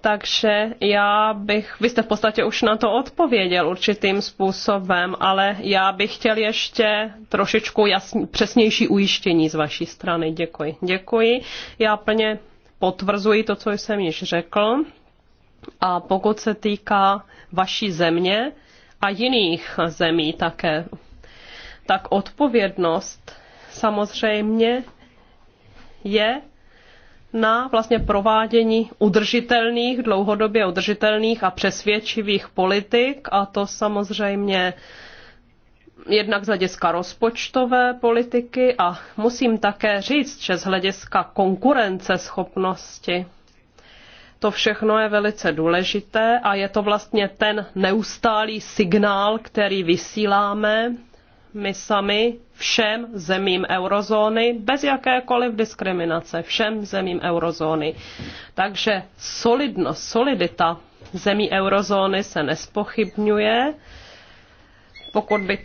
Takže já bych, vy jste v podstatě už na to odpověděl určitým způsobem, ale já bych chtěl ještě trošičku jasný, přesnější ujištění z vaší strany. Děkuji. Děkuji. Já plně potvrzuji to, co jsem již řekl. A pokud se týká vaší země a jiných zemí také, tak odpovědnost samozřejmě je na vlastně provádění udržitelných, dlouhodobě udržitelných a přesvědčivých politik a to samozřejmě jednak z hlediska rozpočtové politiky a musím také říct, že z hlediska konkurenceschopnosti to všechno je velice důležité a je to vlastně ten neustálý signál, který vysíláme my sami všem zemím eurozóny bez jakékoliv diskriminace, všem zemím eurozóny. Takže solidnost, solidita zemí eurozóny se nespochybňuje, pokud by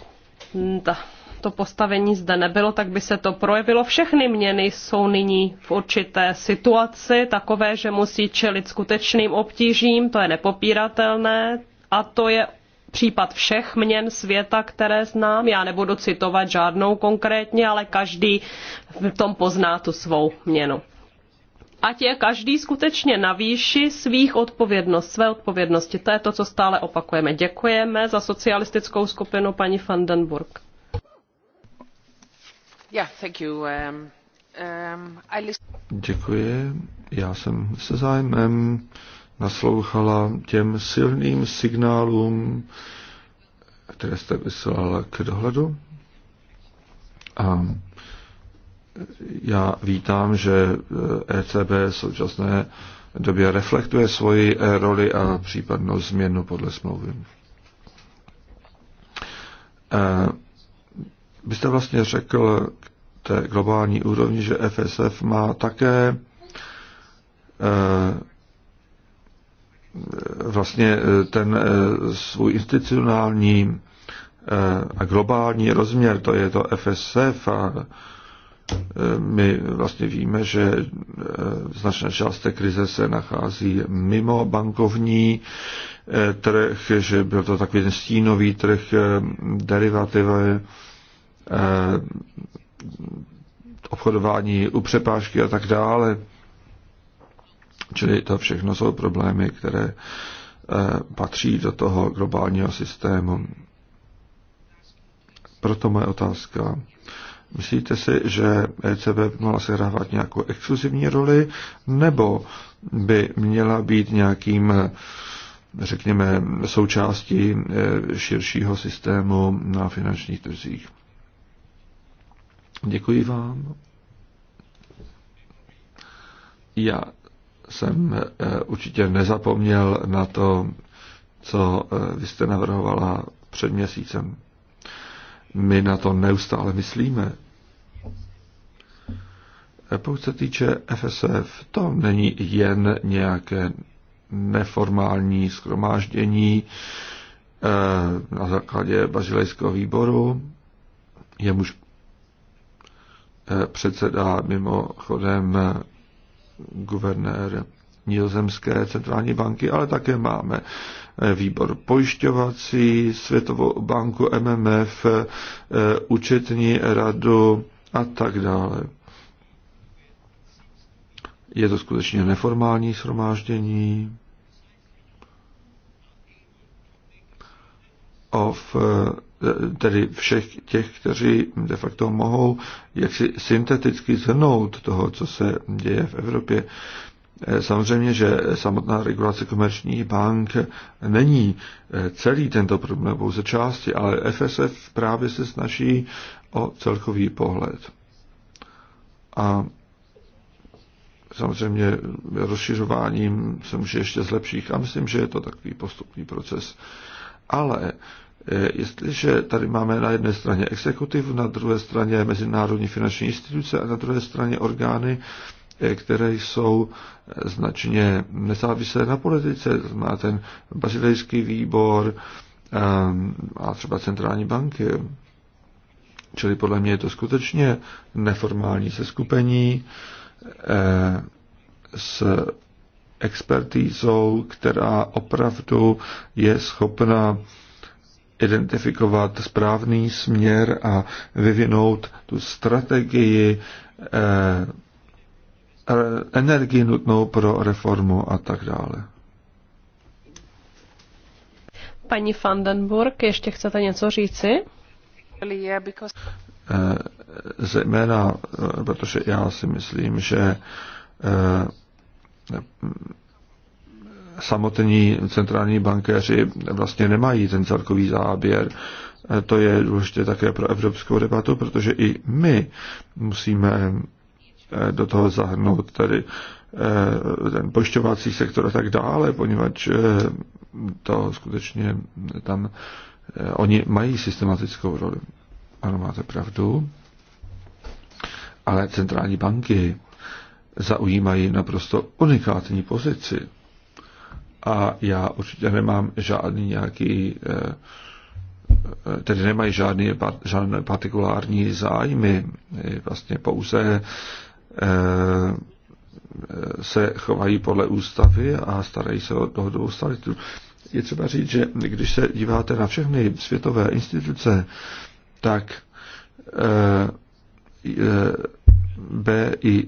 ta to postavení zde nebylo, tak by se to projevilo. Všechny měny jsou nyní v určité situaci, takové, že musí čelit skutečným obtížím, to je nepopíratelné a to je případ všech měn světa, které znám. Já nebudu citovat žádnou konkrétně, ale každý v tom pozná tu svou měnu. Ať je každý skutečně na výši svých odpovědnost, své odpovědnosti. To je to, co stále opakujeme. Děkujeme za socialistickou skupinu paní Vandenburg. Um, um, Děkuji. Já jsem se zájmem naslouchala těm silným signálům, které jste vyslala k dohledu. A já vítám, že ECB eh, e v současné době reflektuje svoji eh, roli a případnou změnu podle smlouvy. Eh, byste vlastně řekl k té globální úrovni, že FSF má také eh, vlastně eh, ten eh, svůj institucionální a globální rozměr, to je to FSF a my vlastně víme, že značná část té krize se nachází mimo bankovní trh, že byl to takový ten stínový trh derivativy Eh, obchodování u přepážky a tak dále. Čili to všechno jsou problémy, které eh, patří do toho globálního systému. Proto moje otázka. Myslíte si, že ECB by měla sehrávat nějakou exkluzivní roli, nebo by měla být nějakým, eh, řekněme, součástí širšího systému na finančních trzích? Děkuji vám. Já jsem eh, určitě nezapomněl na to, co eh, vy jste navrhovala před měsícem. My na to neustále myslíme. Eh, pokud se týče FSF, to není jen nějaké neformální schromáždění na základě bazilejského výboru, jemuž Eh, předseda mimochodem eh, guvernér Nizozemské centrální banky, ale také máme eh, výbor pojišťovací, Světovou banku MMF, účetní radu a tak dále. Je to skutečně neformální shromáždění. OF Eh, tedy všech těch, kteří de facto mohou jaksi synteticky zhrnout toho, co se děje v Evropě. Eh, samozřejmě, že samotná regulace komerčních bank není eh, celý tento problém, pouze části, ale FSF právě se snaží o celkový pohled. A samozřejmě rozšiřováním se může ještě zlepšit. A myslím, že je to takový postupný proces. Ale Eh, jestliže tady máme na jedné straně exekutivu, na druhé straně mezinárodní finanční instituce a na druhé straně orgány, eh, které jsou eh, značně nezávislé na politice, má ten bazilejský výbor a třeba centrální banky. Čili podle mě je to skutečně neformální seskupení s expertízou, která opravdu je schopna identifikovat správný směr a vyvinout tu strategii eh, eh, energii nutnou pro reformu a tak dále. Paní Vandenburg, ještě chcete něco říci? Eh, zejména, protože já si myslím, že samotní centrální bankéři vlastně nemají ten celkový záběr. E, to je důležité také pro evropskou debatu, protože i my musíme e, do toho zahrnout tedy e, ten pojišťovací sektor a tak dále, poněvadž to skutečně tam oni mají systematickou roli. Ano, máte pravdu. Ale centrální banky zaujímají naprosto unikátní pozici a já určitě nemám žádný nějaký, eh, tedy nemají žádný, žádné partikulární zájmy, vlastně pouze eh, se chovají podle ústavy a starají se o dohodu ústavy. Je třeba říct, že když se díváte na všechny světové instituce, tak eh,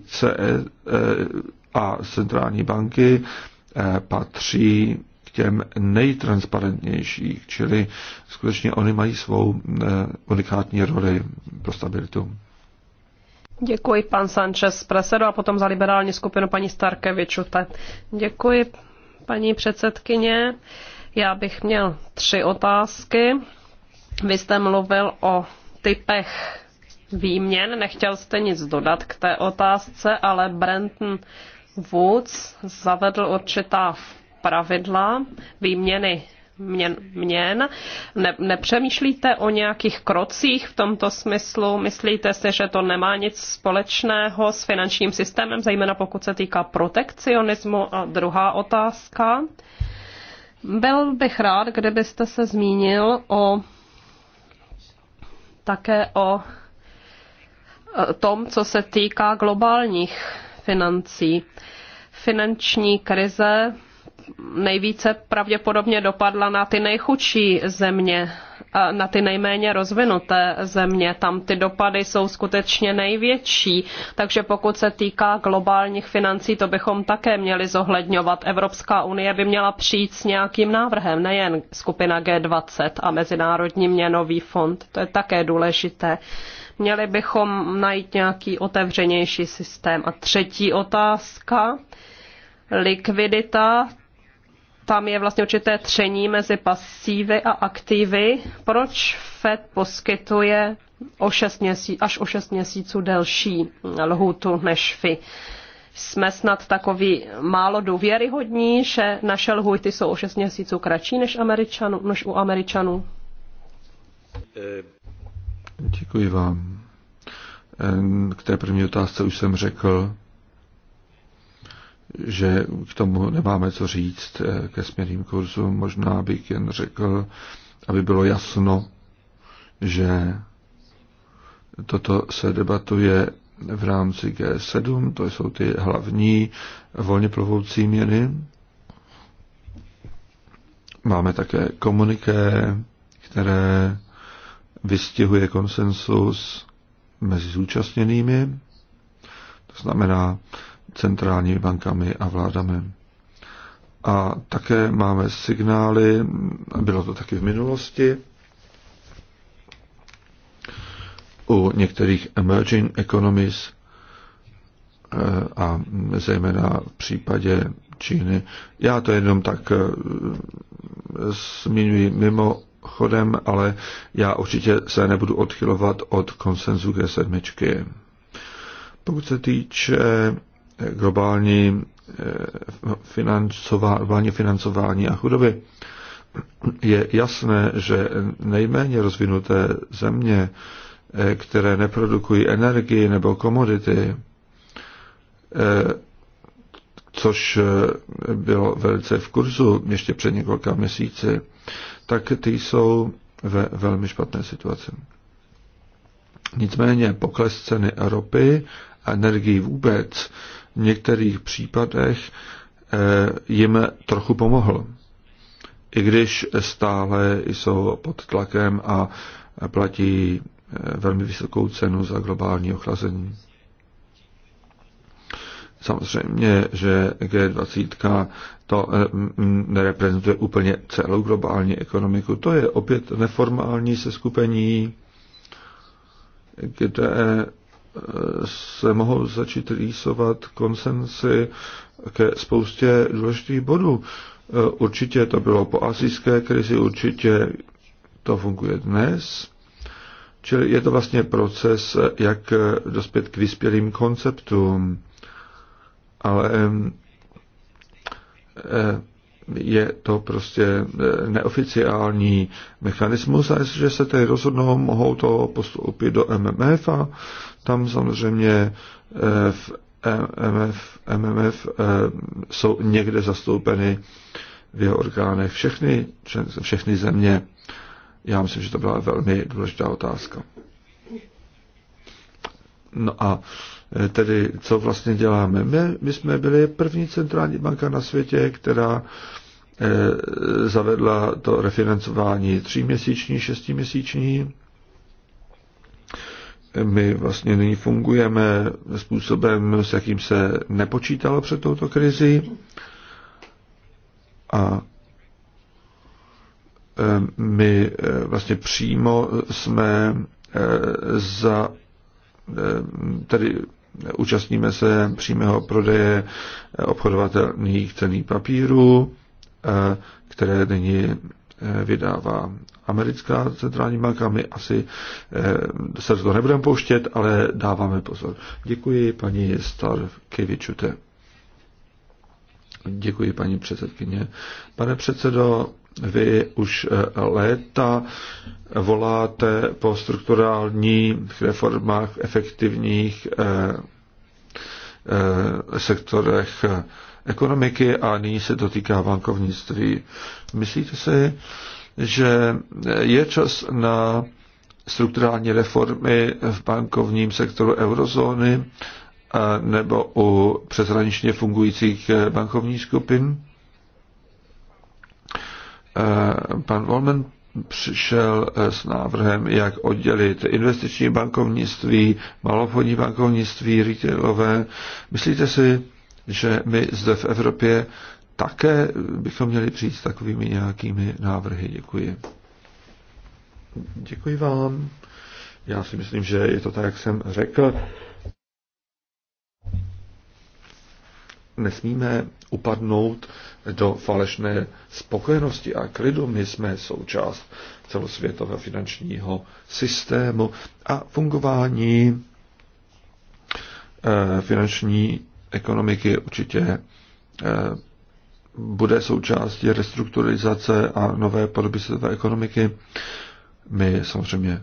C, e, a centrální banky patří k těm nejtransparentnějších, čili skutečně oni mají svou eh, unikátní roli pro stabilitu. Děkuji, pan Sanchez Presedo a potom za liberální skupinu paní Starkevičute. Děkuji, paní předsedkyně. Já bych měl tři otázky. Vy jste mluvil o typech výměn, nechtěl jste nic dodat k té otázce, ale Brenton Woods zavedl určitá pravidla výměny měn, měn. Ne, nepřemýšlíte o nějakých krocích v tomto smyslu? Myslíte si, že to nemá nic společného s finančním systémem, zejména pokud se týká protekcionismu? A druhá otázka. Byl bych rád, kdybyste se zmínil o také o e, tom, co se týká globálních financí. Finanční krize nejvíce pravděpodobně dopadla na ty nejchudší země, na ty nejméně rozvinuté země. Tam ty dopady jsou skutečně největší, takže pokud se týká globálních financí, to bychom také měli zohledňovat. Evropská unie by měla přijít s nějakým návrhem, nejen skupina G20 a Mezinárodní měnový fond, to je také důležité. Měli bychom najít nějaký otevřenější systém. A třetí otázka, likvidita tam je vlastně určité tření mezi pasívy a aktivy. Proč FED poskytuje o 6 měsíc, až o 6 měsíců delší lhůtu než FI? Jsme snad takový málo důvěryhodní, že naše lhůty jsou o 6 měsíců kratší než, Američanů, než u Američanů? Eh, Děkuji vám. K té první otázce už jsem řekl, že k tomu nemáme co říct eh, ke směrným kurzům. Možná bych jen řekl, aby bylo jasno, že toto se debatuje v rámci G7, to jsou ty hlavní volně plovoucí měny. Máme také komuniké, které vystihuje konsensus mezi zúčastněnými, to znamená centrálními bankami a vládami. A také máme signály, bylo to taky v minulosti, u některých emerging economies eh, a zejména v případě Číny. Já to jenom tak eh, zmiňuji mimo chodem, ale já určitě se nebudu odchylovat od konsenzu G7. Pokud se týče eh, globální eh, financování, financování a chudoby, je jasné, že nejméně rozvinuté země, eh, které neprodukují energii nebo komodity, což bylo velice v kurzu ještě před několika měsíci, tak ty jsou ve velmi špatné situaci. Nicméně pokles ceny ropy a energii vůbec v některých případech eh, jim trochu pomohl. I když stále jsou pod tlakem a platí eh, velmi vysokou cenu za globální ochlazení. Samozřejmě, že G20 to eh, nereprezentuje úplně celou globální ekonomiku. To je opět neformální seskupení, kde eh, se mohou začít rýsovat konsensy ke spoustě důležitých bodů. Eh, určitě to bylo po asijské krizi, určitě to funguje dnes. Čili je to vlastně proces, jak dospět k vyspělým konceptům ale je to prostě eh, neoficiální mechanismus a jestliže se tedy rozhodnou, mohou to postoupit do MMF a tam samozřejmě eh, v MMF, MMF eh, jsou někde zastoupeny v jeho orgánech všechny, všechny země. Já myslím, že to byla velmi důležitá otázka. No a Eh, tedy co vlastně děláme. My, my jsme byli první centrální banka na světě, která eh, zavedla to refinancování tříměsíční, šestiměsíční. My vlastně nyní fungujeme způsobem, s jakým se nepočítalo před touto krizi. A eh, my vlastně přímo jsme za Eh, tedy účastníme se přímého prodeje obchodovatelných cených papírů, eh, které nyní eh, vydává americká centrální banka. My asi se to nebudeme pouštět, ale dáváme pozor. Děkuji paní Starkevičute. Děkuji paní předsedkyně. Pane předsedo, vy už eh, léta voláte po strukturálních reformách efektivních eh, eh, sektorech ekonomiky a nyní se dotýká bankovnictví. Myslíte si, že je čas na strukturální reformy v bankovním sektoru eurozóny nebo u přeshraničně fungujících bankovních skupin? Eh, pan Volmen přišel eh, s návrhem, jak oddělit investiční bankovnictví, malofodní bankovnictví, retailové. Myslíte si, že my zde v Evropě také bychom měli přijít s takovými nějakými návrhy? Děkuji. Děkuji vám. Já si myslím, že je to tak, jak jsem řekl. Nesmíme upadnout do falešné spokojenosti a klidu. My jsme součást celosvětového finančního systému a fungování eh, finanční ekonomiky určitě eh, bude součástí restrukturalizace a nové podoby světové ekonomiky. My samozřejmě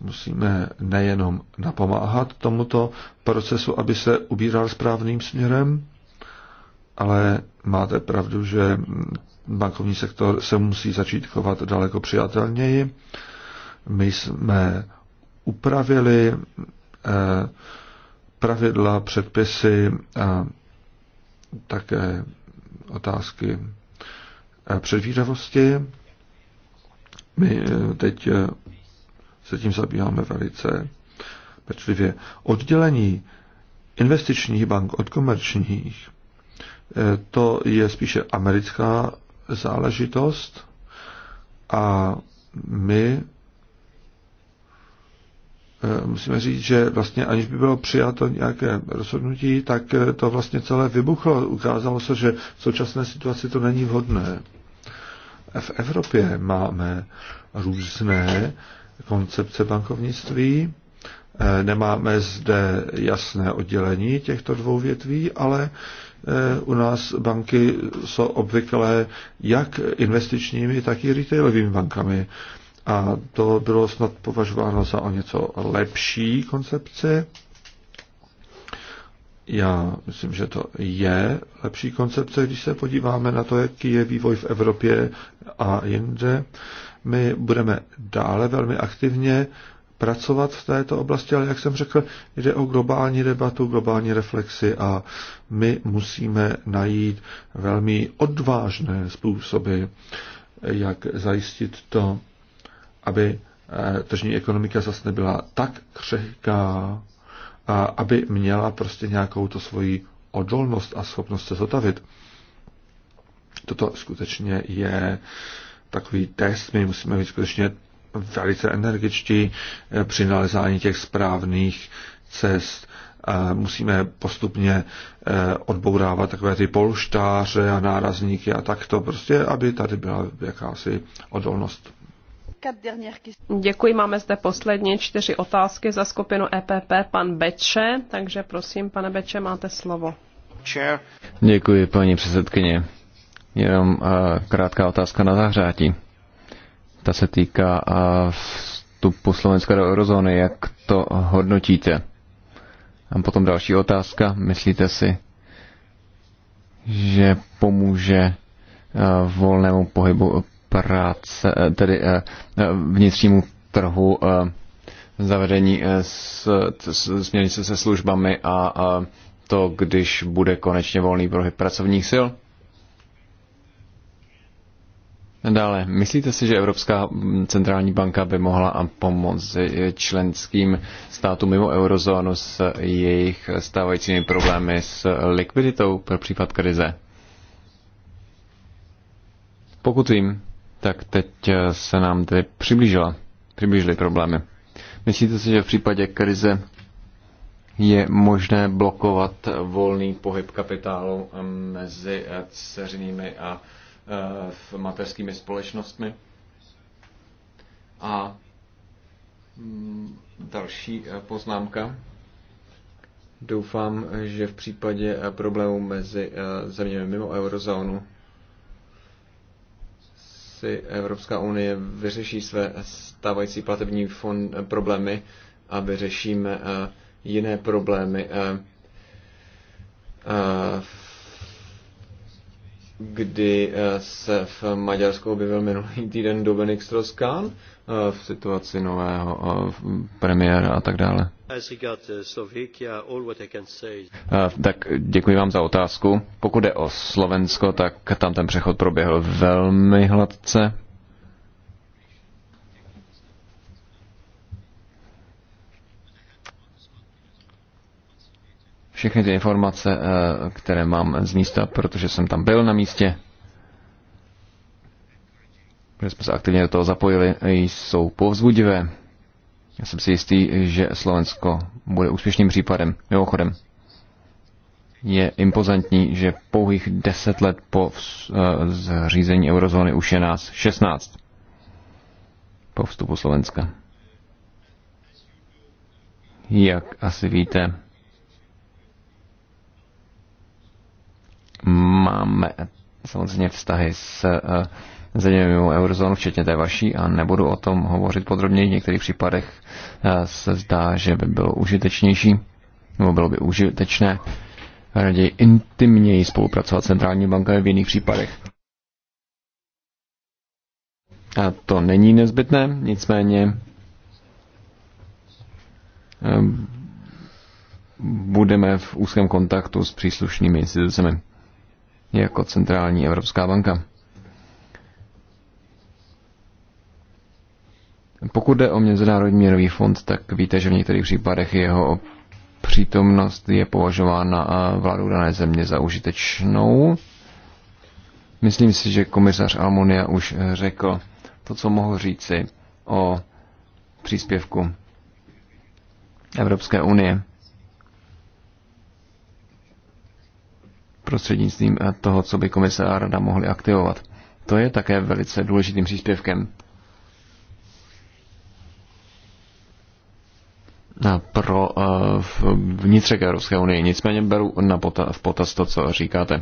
musíme nejenom napomáhat tomuto procesu, aby se ubíral správným směrem, ale máte pravdu, že bankovní sektor se musí začít chovat daleko přijatelněji. My jsme upravili eh, pravidla, předpisy a také otázky eh, předvídavosti. My eh, teď se tím zabýváme velice pečlivě. Oddělení investičních bank od komerčních to je spíše americká záležitost a my eh, musíme říct, že vlastně aniž by bylo přijato nějaké rozhodnutí, tak eh, to vlastně celé vybuchlo. Ukázalo se, že v současné situaci to není vhodné. V Evropě máme různé koncepce bankovnictví, eh, nemáme zde jasné oddělení těchto dvou větví, ale u nás banky jsou obvyklé jak investičními, tak i retailovými bankami. A to bylo snad považováno za o něco lepší koncepci. Já myslím, že to je lepší koncepce, když se podíváme na to, jaký je vývoj v Evropě a jinde. My budeme dále velmi aktivně pracovat v této oblasti, ale jak jsem řekl, jde o globální debatu, globální reflexy a my musíme najít velmi odvážné způsoby, jak zajistit to, aby eh, tržní ekonomika zase nebyla tak křehká, a aby měla prostě nějakou to svoji odolnost a schopnost se zotavit. Toto skutečně je takový test, my musíme být skutečně velice energičtí eh, při nalezání těch správných cest. Musíme postupně eh, odbourávat takové ty polštáře a nárazníky a takto, prostě, aby tady byla jakási odolnost. Děkuji, máme zde poslední čtyři otázky za skupinu EPP, pan Beče, takže prosím, pane Beče, máte slovo. Děkuji, paní předsedkyně. Jenom eh, krátká otázka na zahřátí. Ta se týká vstupu Slovenska do eurozóny. Jak to hodnotíte? A potom další otázka. Myslíte si, že pomůže volnému pohybu práce, tedy vnitřnímu trhu zavedení e, s, s, směrnice se službami a, a to, když bude konečně volný pohyb pracovních sil? Dále, myslíte si, že Evropská centrální banka by mohla pomoct členským státům mimo eurozónu s jejich stávajícími problémy s likviditou pro případ krize? Pokud vím, tak teď se nám tedy přiblížila, přiblížily problémy. Myslíte si, že v případě krize je možné blokovat volný pohyb kapitálu mezi dceřinými a v mateřskými společnostmi. A mm, další eh, poznámka. Doufám, že v případě eh, problémů mezi eh, zeměmi mimo eurozónu si Evropská unie vyřeší své stávající platební fond problémy a vyřešíme jiné problémy v kdy eh, se v Maďarsku objevil minulý týden Dominik Stroskán eh, v situaci nového eh, premiéra a tak dále. Tak děkuji vám za otázku. Pokud je o Slovensko, tak tam ten přechod proběhl velmi hladce. všechny ty informace, eh, které mám z místa, protože jsem tam byl na místě, protože jsme se aktivně do toho zapojili, jsou povzbudivé. Já jsem si jistý, že Slovensko bude úspěšným případem. Mimochodem, je impozantní, že pouhých 10 let po eh, zřízení eurozóny už je nás 16 po vstupu Slovenska. Jak asi víte, máme samozřejmě vztahy s eh, zeměmi mimo eurozónu, včetně té vaší, a nebudu o tom hovořit podrobněji. V některých případech eh, se zdá, že by bylo užitečnější, nebo bylo by užitečné raději intimněji spolupracovat s centrální bankami v jiných případech. A to není nezbytné, nicméně eh, budeme v úzkém kontaktu s příslušnými institucemi jako Centrální Evropská banka. Pokud jde o Mezinárodní měnový fond, tak víte, že v některých případech jeho přítomnost je považována eh, vládou dané země za užitečnou. Myslím si, že komisař Almunia už řekl to, co mohu říci o příspěvku Evropské unie prostřednictvím eh, toho, co by komise a rada mohly aktivovat. To je také velice důležitým příspěvkem. pro eh, vnitřek Evropské unie. Nicméně beru na pota, v potaz to, co říkáte.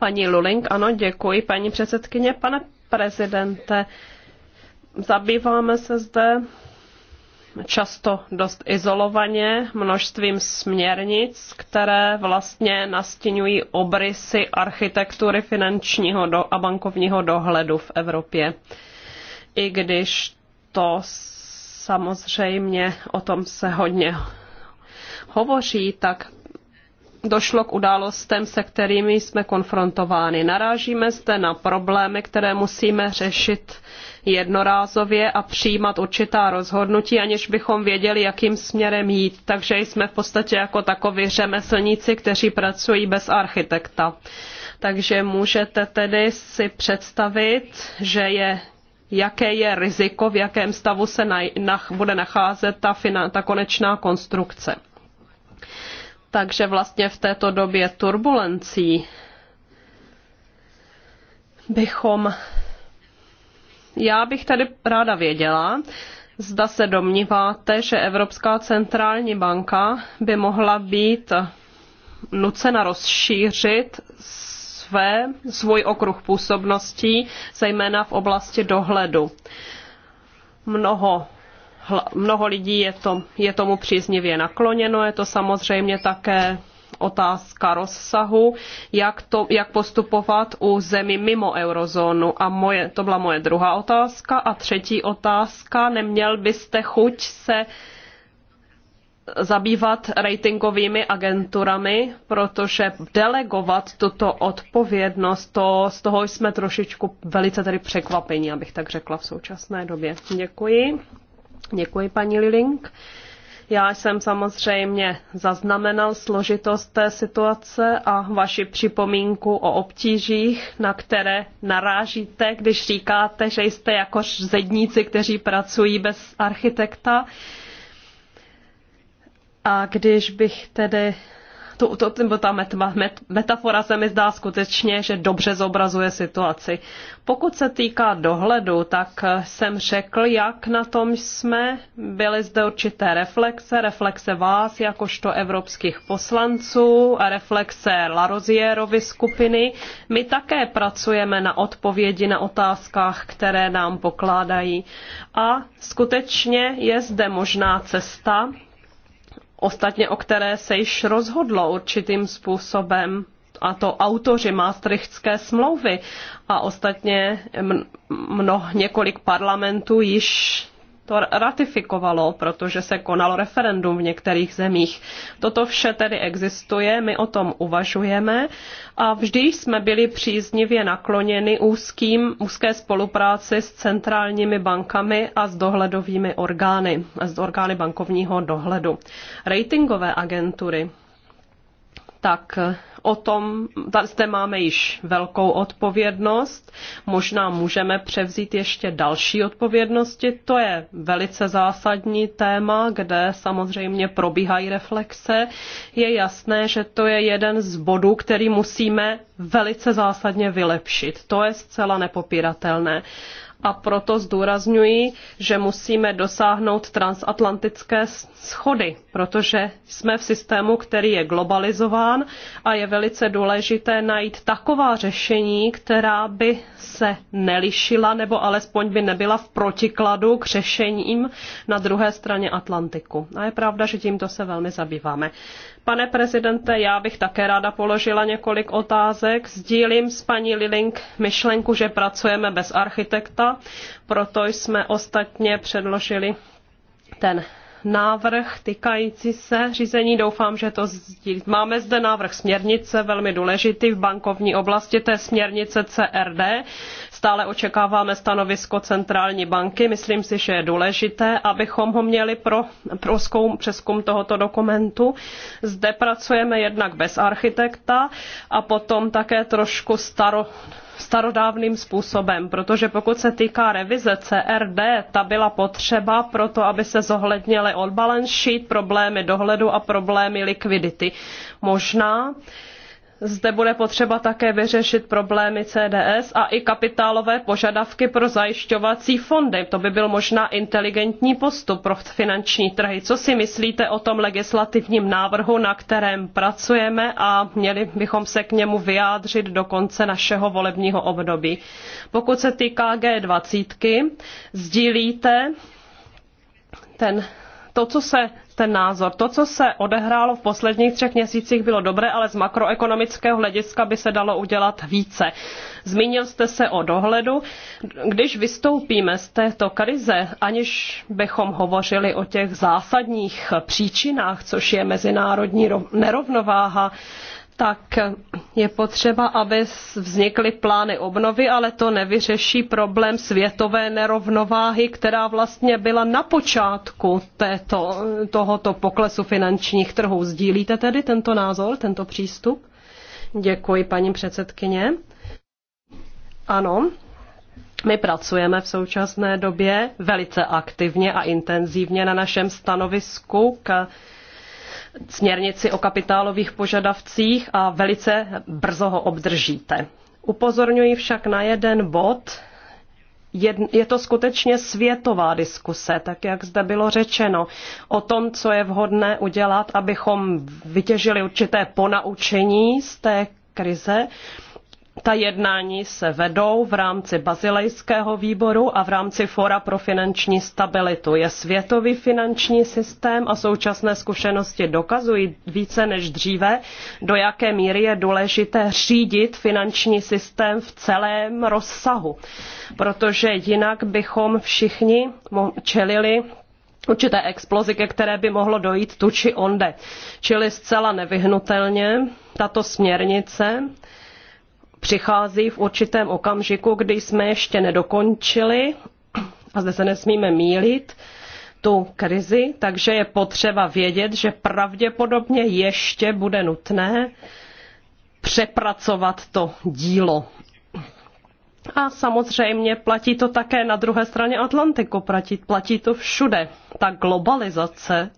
Paní Luling, ano, děkuji, paní předsedkyně, pane prezidente. Zabýváme se zde často dost izolovaně množstvím směrnic, které vlastně nastěňují obrysy architektury finančního a bankovního dohledu v Evropě. I když to samozřejmě o tom se hodně hovoří, tak došlo k událostem, se kterými jsme konfrontováni. Narážíme zde na problémy, které musíme řešit jednorázově a přijímat určitá rozhodnutí, aniž bychom věděli, jakým směrem jít. Takže jsme v podstatě jako takoví řemeslníci, kteří pracují bez architekta. Takže můžete tedy si představit, že je jaké je riziko, v jakém stavu se na, na, bude nacházet ta, fina, ta konečná konstrukce. Takže vlastně v této době turbulencí bychom. Já bych tady ráda věděla, zda se domníváte, že Evropská centrální banka by mohla být nucena rozšířit své, svůj okruh působností, zejména v oblasti dohledu. Mnoho mnoho lidí je, to, je tomu příznivě nakloněno. Je to samozřejmě také otázka rozsahu, jak, to, jak postupovat u zemí mimo eurozónu. A moje, to byla moje druhá otázka. A třetí otázka, neměl byste chuť se zabývat ratingovými agenturami, protože delegovat tuto odpovědnost, to, z toho jsme trošičku velice tady překvapení, abych tak řekla v současné době. Děkuji. Děkuji, paní Liling. Já jsem samozřejmě zaznamenal složitost té situace a vaši připomínku o obtížích, na které narážíte, když říkáte, že jste jako zedníci, kteří pracují bez architekta. A když bych tedy to, to, to, ta met, met, metafora se mi zdá skutečně, že dobře zobrazuje situaci. Pokud se týká dohledu, tak jsem řekl, jak na tom jsme. Byly zde určité reflexe, reflexe vás jakožto evropských poslanců, reflexe Larozierovy skupiny. My také pracujeme na odpovědi na otázkách, které nám pokládají. A skutečně je zde možná cesta, ostatně o které se již rozhodlo určitým způsobem a to autoři Maastrichtské smlouvy a ostatně mno, několik parlamentů již to ratifikovalo, protože se konalo referendum v některých zemích. Toto vše tedy existuje, my o tom uvažujeme a vždy jsme byli příznivě nakloněni úzkým, úzké spolupráci s centrálními bankami a s dohledovými orgány, s orgány bankovního dohledu. Ratingové agentury tak o tom zde máme již velkou odpovědnost. Možná můžeme převzít ještě další odpovědnosti. To je velice zásadní téma, kde samozřejmě probíhají reflexe. Je jasné, že to je jeden z bodů, který musíme velice zásadně vylepšit. To je zcela nepopiratelné a proto zdůrazňuji, že musíme dosáhnout transatlantické schody, protože jsme v systému, který je globalizován a je velice důležité najít taková řešení, která by se nelišila nebo alespoň by nebyla v protikladu k řešením na druhé straně Atlantiku. A je pravda, že tímto se velmi zabýváme. Pane prezidente, já bych také ráda položila několik otázek. Sdílím s paní Lilink myšlenku, že pracujeme bez architekta, proto jsme ostatně předložili ten návrh týkající se řízení. Doufám, že to sdílí. Máme zde návrh směrnice, velmi důležitý v bankovní oblasti, to je směrnice CRD. Stále očekáváme stanovisko centrální banky. Myslím si, že je důležité, abychom ho měli pro, pro zkoum, přeskum tohoto dokumentu. Zde pracujeme jednak bez architekta a potom také trošku staro, starodávným způsobem, protože pokud se týká revize CRD, ta byla potřeba proto, aby se zohlednily on balance sheet, problémy dohledu a problémy likvidity. Možná zde bude potřeba také vyřešit problémy CDS a i kapitálové požadavky pro zajišťovací fondy. To by byl možná inteligentní postup pro finanční trhy. Co si myslíte o tom legislativním návrhu, na kterém pracujeme a měli bychom se k němu vyjádřit do konce našeho volebního období? Pokud se týká G20, sdílíte ten, to, co se ten názor. To, co se odehrálo v posledních třech měsících, bylo dobré, ale z makroekonomického hlediska by se dalo udělat více. Zmínil jste se o dohledu. Když vystoupíme z této krize, aniž bychom hovořili o těch zásadních příčinách, což je mezinárodní nerovnováha, tak je potřeba, aby vznikly plány obnovy, ale to nevyřeší problém světové nerovnováhy, která vlastně byla na počátku této, tohoto poklesu finančních trhů. Sdílíte tedy tento názor, tento přístup? Děkuji, paní předsedkyně. Ano, my pracujeme v současné době velice aktivně a intenzivně na našem stanovisku k směrnici o kapitálových požadavcích a velice brzo ho obdržíte. Upozorňuji však na jeden bod. Je to skutečně světová diskuse, tak jak zde bylo řečeno, o tom, co je vhodné udělat, abychom vytěžili určité ponaučení z té krize ta jednání se vedou v rámci Bazilejského výboru a v rámci Fora pro finanční stabilitu. Je světový finanční systém a současné zkušenosti dokazují více než dříve, do jaké míry je důležité řídit finanční systém v celém rozsahu, protože jinak bychom všichni čelili určité explozi, ke které by mohlo dojít tu či onde. Čili zcela nevyhnutelně tato směrnice přichází v určitém okamžiku, kdy jsme ještě nedokončili, a zde se nesmíme mílit, tu krizi, takže je potřeba vědět, že pravděpodobně ještě bude nutné přepracovat to dílo. A samozřejmě platí to také na druhé straně Atlantiku, platí, platí to všude. Ta globalizace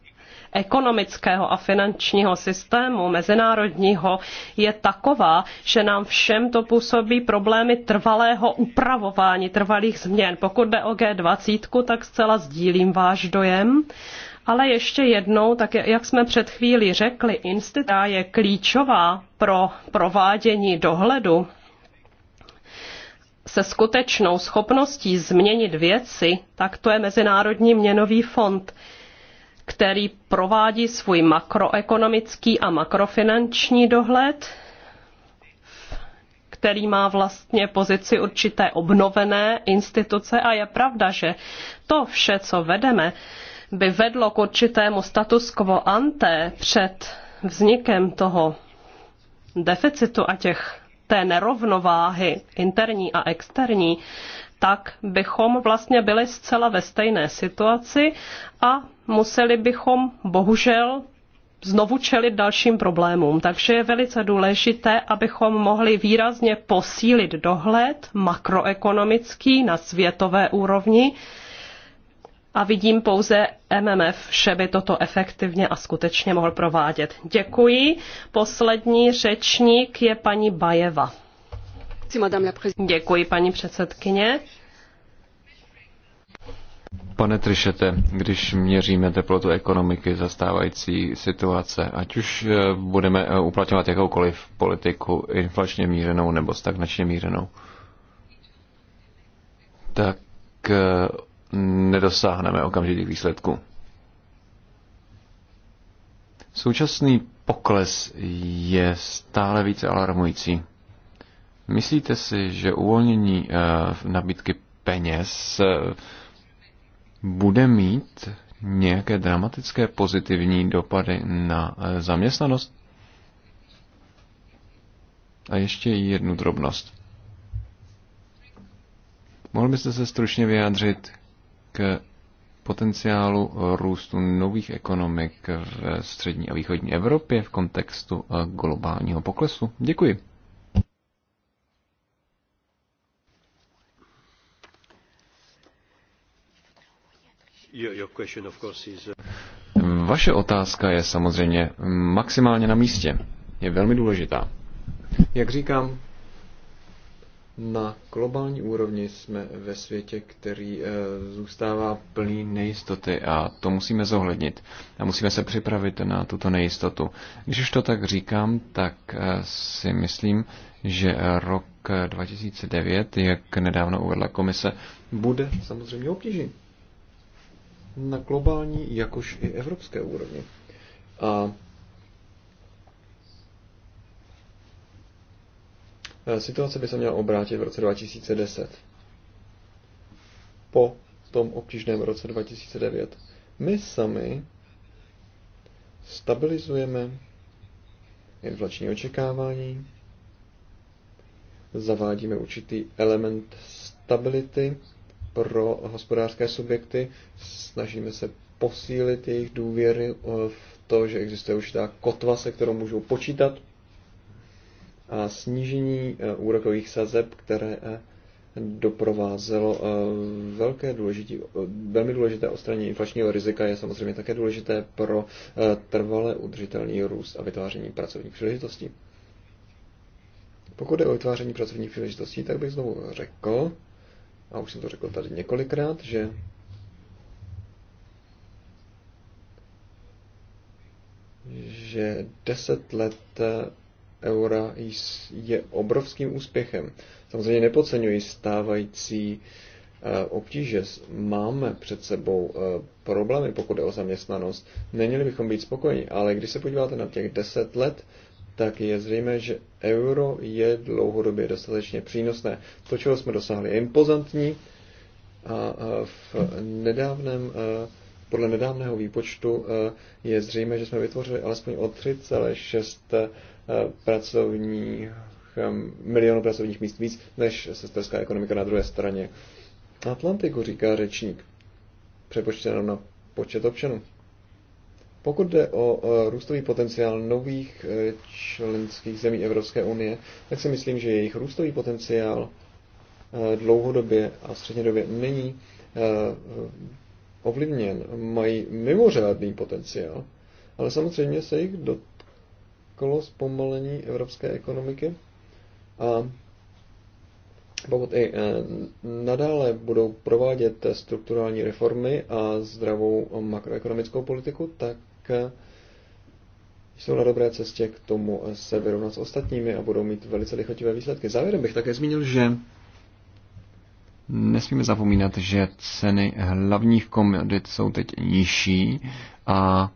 ekonomického a finančního systému mezinárodního je taková, že nám všem to působí problémy trvalého upravování, trvalých změn. Pokud jde o G20, tak zcela sdílím váš dojem. Ale ještě jednou, tak jak jsme před chvílí řekli, instituta je klíčová pro provádění dohledu se skutečnou schopností změnit věci, tak to je Mezinárodní měnový fond který provádí svůj makroekonomický a makrofinanční dohled, který má vlastně pozici určité obnovené instituce a je pravda, že to vše, co vedeme, by vedlo k určitému status quo ante před vznikem toho deficitu a těch té nerovnováhy interní a externí, tak bychom vlastně byli zcela ve stejné situaci a museli bychom bohužel znovu čelit dalším problémům. Takže je velice důležité, abychom mohli výrazně posílit dohled makroekonomický na světové úrovni a vidím pouze MMF, že by toto efektivně a skutečně mohl provádět. Děkuji. Poslední řečník je paní Bajeva. Děkuji, paní předsedkyně. Pane Trišete, když měříme teplotu ekonomiky za stávající situace, ať už eh, budeme eh, uplatňovat jakoukoliv politiku, inflačně mířenou nebo stagnačně mířenou, tak eh, nedosáhneme okamžitých výsledků. Současný pokles je stále více alarmující. Myslíte si, že uvolnění eh, nabídky peněz eh, bude mít nějaké dramatické pozitivní dopady na eh, zaměstnanost? A ještě jednu drobnost. Mohl byste se stručně vyjádřit k potenciálu růstu nových ekonomik v střední a východní Evropě v kontextu globálního poklesu? Děkuji. Uh, Vaše otázka je samozřejmě maximálně na místě. Je velmi důležitá. Jak říkám, na globální úrovni jsme ve světě, který eh, zůstává plný nejistoty a to musíme zohlednit. A musíme se připravit na tuto nejistotu. Když už to tak říkám, tak eh, si myslím, že eh, rok 2009, jak nedávno uvedla komise, bude samozřejmě obtížný na globální, jakož i evropské úrovni. A situace by se měla obrátit v roce 2010. Po tom obtížném roce 2009. My sami stabilizujeme inflační očekávání, zavádíme určitý element stability pro hospodářské subjekty. Snažíme se posílit jejich důvěry eh, v to, že existuje určitá kotva, se kterou můžou počítat. A snížení eh, úrokových sazeb, které eh, doprovázelo velké důležití, velmi důležité odstranění inflačního rizika je samozřejmě také důležité pro trvalé udržitelný růst a vytváření pracovních příležitostí. Pokud je o vytváření pracovních příležitostí, tak bych znovu řekl, a už jsem to řekl tady několikrát, že že deset let eh, eura je obrovským úspěchem. Samozřejmě nepodceňuji stávající eh, obtíže. Máme před sebou eh, problémy, pokud je o zaměstnanost. Neměli bychom být spokojeni, ale když se podíváte na těch deset let, tak je zřejmé, že euro je dlouhodobě dostatečně přínosné. To, čeho jsme dosáhli, je impozantní a v nedávném, podle nedávného výpočtu je zřejmé, že jsme vytvořili alespoň o 3,6 pracovních um, milionů pracovních míst víc než sesterská ekonomika na druhé straně. Atlantiku, říká řečník, přepočteno na počet občanů. Pokud jde o e, růstový potenciál nových e, členských zemí Evropské unie, tak si myslím, že jejich růstový potenciál e, dlouhodobě a střednědobě není ovlivněn. Mají mimořádný potenciál, ale samozřejmě se jich dotklo zpomalení evropské ekonomiky a pokud i nadále budou provádět strukturální reformy a zdravou makroekonomickou politiku, tak Eh, jsou na dobré cestě k tomu eh, se vyrovnat s ostatními a budou mít velice lichotivé výsledky. Závěrem bych také zmínil, že nesmíme zapomínat, že ceny hlavních komodit jsou teď nižší a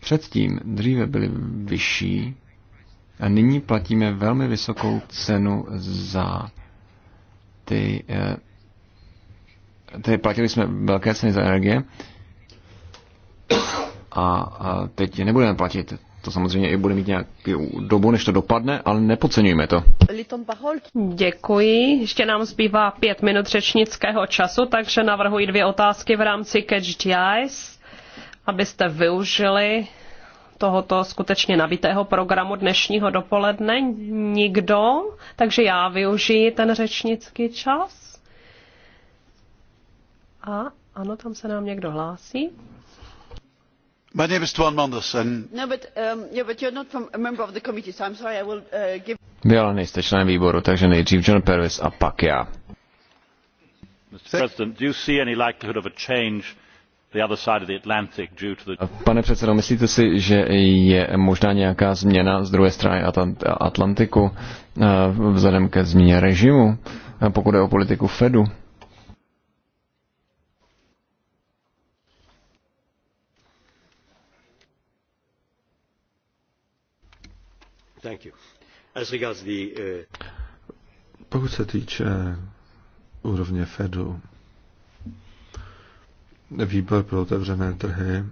předtím dříve byly vyšší a nyní platíme velmi vysokou cenu za ty, eh, ty platili jsme velké ceny za energie a teď nebudeme platit. To samozřejmě i bude mít nějakou dobu, než to dopadne, ale nepodceňujme to. Děkuji. Ještě nám zbývá pět minut řečnického času, takže navrhuji dvě otázky v rámci Catch the Eyes, abyste využili tohoto skutečně nabitého programu dnešního dopoledne nikdo, takže já využiji ten řečnický čas. A ano, tam se nám někdo hlásí. My name is Manders. And... No, but, um, yeah, but you're not from a member of the committee, so I'm sorry, I will uh, give... Vy ale nejste členem výboru, takže nejdřív John Pervis a pak já. Pane předsedo, myslíte si, že je možná nějaká změna z druhé strany Atlantiku uh, vzhledem ke změně režimu, uh, pokud je o politiku Fedu? Uh, Pokud se týče úrovně Fedu, výbor pro otevřené trhy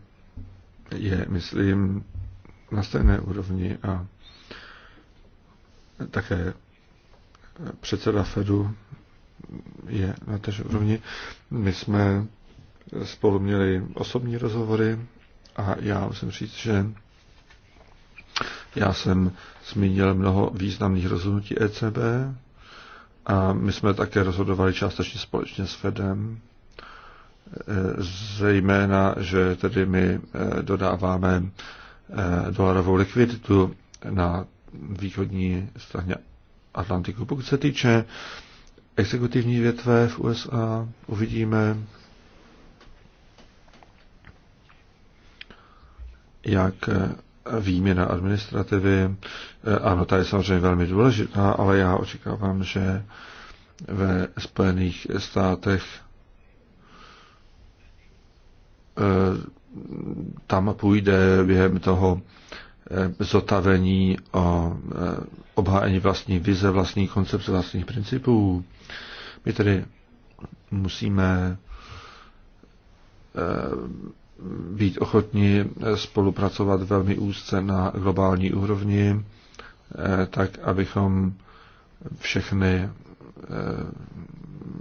je, myslím, na stejné úrovni a také předseda Fedu je na též úrovni. My jsme spolu měli osobní rozhovory a já musím říct, že já jsem zmínil mnoho významných rozhodnutí ECB a my jsme také rozhodovali částečně společně s Fedem, e, zejména, že tedy my e, dodáváme e, dolarovou likviditu na východní straně Atlantiku. Pokud se týče exekutivní větve v USA, uvidíme, jak výměna administrativy, eh, ano, ta je samozřejmě velmi důležitá, ale já očekávám, že ve Spojených státech eh, tam půjde během toho eh, zotavení o obhájení vlastní vize, vlastní koncepce, vlastních principů. My tedy musíme být ochotni spolupracovat velmi úzce na globální úrovni, eh, tak abychom všechny eh,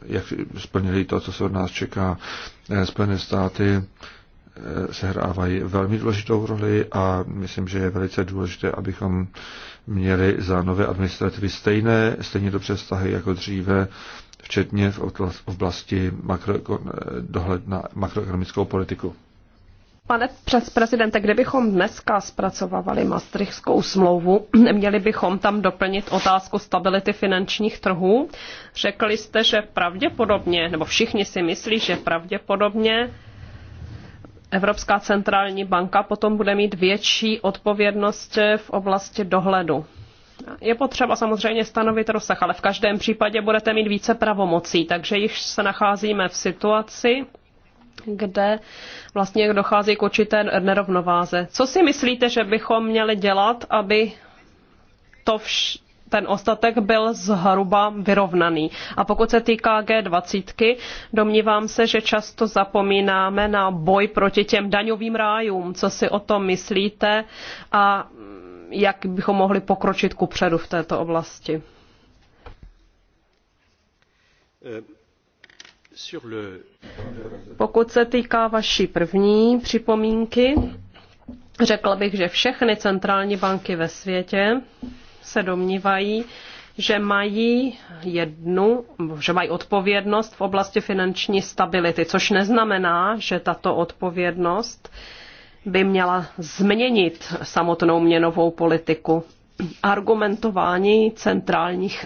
jak splnili to, co se od nás čeká. Eh, Spojené státy sehrávají velmi důležitou roli a myslím, že je velice důležité, abychom měli za nové administrativy stejné, stejně dobře vztahy jako dříve, včetně v oblasti makro, dohled na makroekonomickou politiku. Pane přes prezidente, kdybychom dneska zpracovávali Maastrichtskou smlouvu, měli bychom tam doplnit otázku stability finančních trhů. Řekli jste, že pravděpodobně, nebo všichni si myslí, že pravděpodobně Evropská centrální banka potom bude mít větší odpovědnost v oblasti dohledu. Je potřeba samozřejmě stanovit rozsah, ale v každém případě budete mít více pravomocí, takže již se nacházíme v situaci, kde vlastně dochází k určité nerovnováze. Co si myslíte, že bychom měli dělat, aby to vš- ten ostatek byl zhruba vyrovnaný. A pokud se týká G20, domnívám se, že často zapomínáme na boj proti těm daňovým rájům. Co si o tom myslíte a jak bychom mohli pokročit ku předu v této oblasti? Eh, pokud se týká vaší první připomínky, řekla bych, že všechny centrální banky ve světě se domnívají, že mají jednu, že mají odpovědnost v oblasti finanční stability, což neznamená, že tato odpovědnost by měla změnit samotnou měnovou politiku. Argumentování centrálních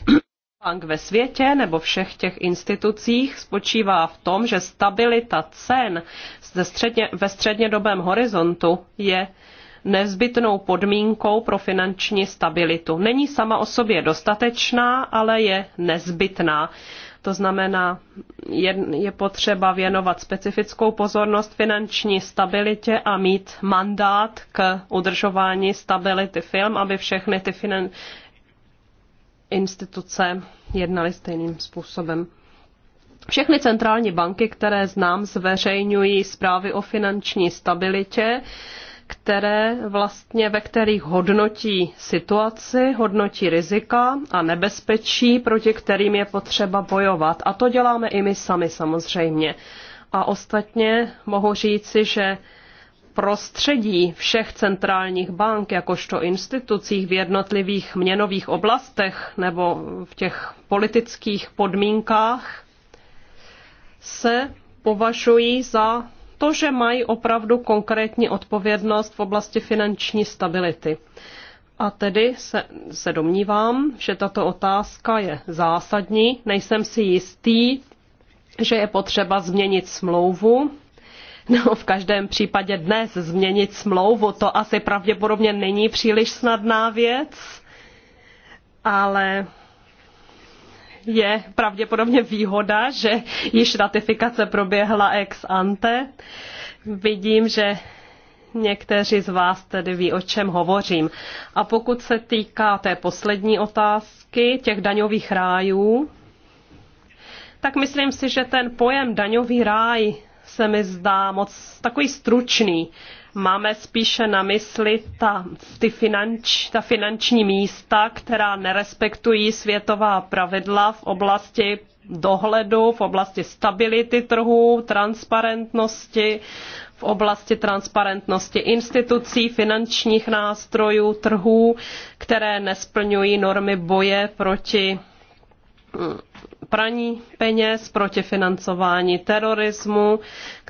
bank ve světě nebo všech těch institucích spočívá v tom, že stabilita cen ze středně, ve střednědobém horizontu je nezbytnou podmínkou pro finanční stabilitu. Není sama o sobě dostatečná, ale je nezbytná. To znamená, je, je potřeba věnovat specifickou pozornost finanční stabilitě a mít mandát k udržování stability film, aby všechny ty finan, instituce jednaly stejným způsobem. Všechny centrální banky, které znám, zveřejňují zprávy o finanční stabilitě, které vlastně, ve kterých hodnotí situaci, hodnotí rizika a nebezpečí, proti kterým je potřeba bojovat. A to děláme i my sami samozřejmě. A ostatně mohu říci, že prostředí všech centrálních bank jakožto institucích v jednotlivých měnových oblastech nebo v těch politických podmínkách se považují za to, že mají opravdu konkrétní odpovědnost v oblasti finanční stability. A tedy se, se domnívám, že tato otázka je zásadní. Nejsem si jistý, že je potřeba změnit smlouvu, No, v každém případě dnes změnit smlouvu, to asi pravděpodobně není příliš snadná věc, ale je pravděpodobně výhoda, že již ratifikace proběhla ex ante. Vidím, že někteří z vás tedy ví, o čem hovořím. A pokud se týká té poslední otázky, těch daňových rájů, tak myslím si, že ten pojem daňový ráj se mi zdá moc takový stručný. Máme spíše na mysli ta, ty finanč, ta finanční místa, která nerespektují světová pravidla v oblasti dohledu, v oblasti stability trhu, transparentnosti, v oblasti transparentnosti institucí, finančních nástrojů, trhů, které nesplňují normy boje proti praní peněz, proti financování terorismu,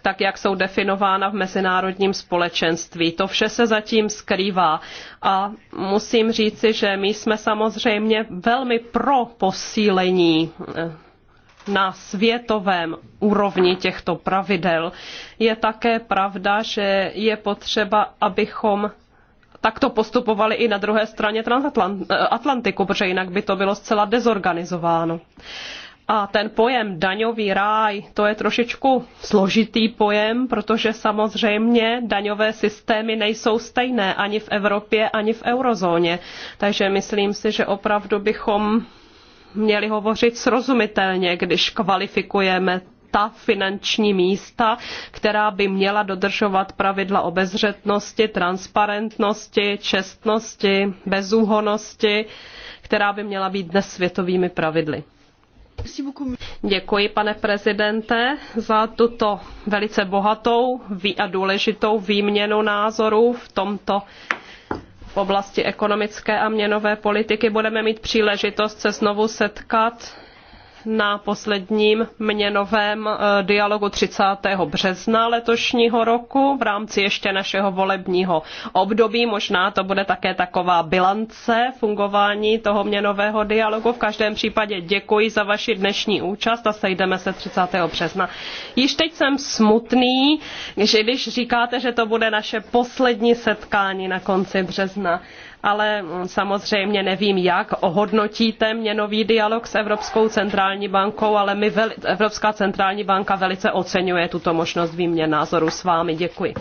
tak jak jsou definována v mezinárodním společenství. To vše se zatím skrývá. A musím říci, že my jsme samozřejmě velmi pro posílení eh, na světovém úrovni těchto pravidel. Je také pravda, že je potřeba, abychom takto postupovali i na druhé straně eh, Atlantiku, protože jinak by to bylo zcela dezorganizováno. A ten pojem daňový ráj, to je trošičku složitý pojem, protože samozřejmě daňové systémy nejsou stejné ani v Evropě, ani v eurozóně. Takže myslím si, že opravdu bychom měli hovořit srozumitelně, když kvalifikujeme ta finanční místa, která by měla dodržovat pravidla obezřetnosti, transparentnosti, čestnosti, bezúhonosti, která by měla být dnes světovými pravidly. Děkuji, pane prezidente, za tuto velice bohatou a důležitou výměnu názorů v tomto v oblasti ekonomické a měnové politiky budeme mít příležitost se znovu setkat na posledním měnovém eh, dialogu 30. března letošního roku v rámci ještě našeho volebního období. Možná to bude také taková bilance fungování toho měnového dialogu. V každém případě děkuji za vaši dnešní účast a sejdeme se 30. března. Již teď jsem smutný, že když říkáte, že to bude naše poslední setkání na konci března ale samozřejmě nevím, jak ohodnotíte měnový dialog s Evropskou centrální bankou, ale my Evropská centrální banka velice oceňuje tuto možnost výměn názorů s vámi. Děkuji.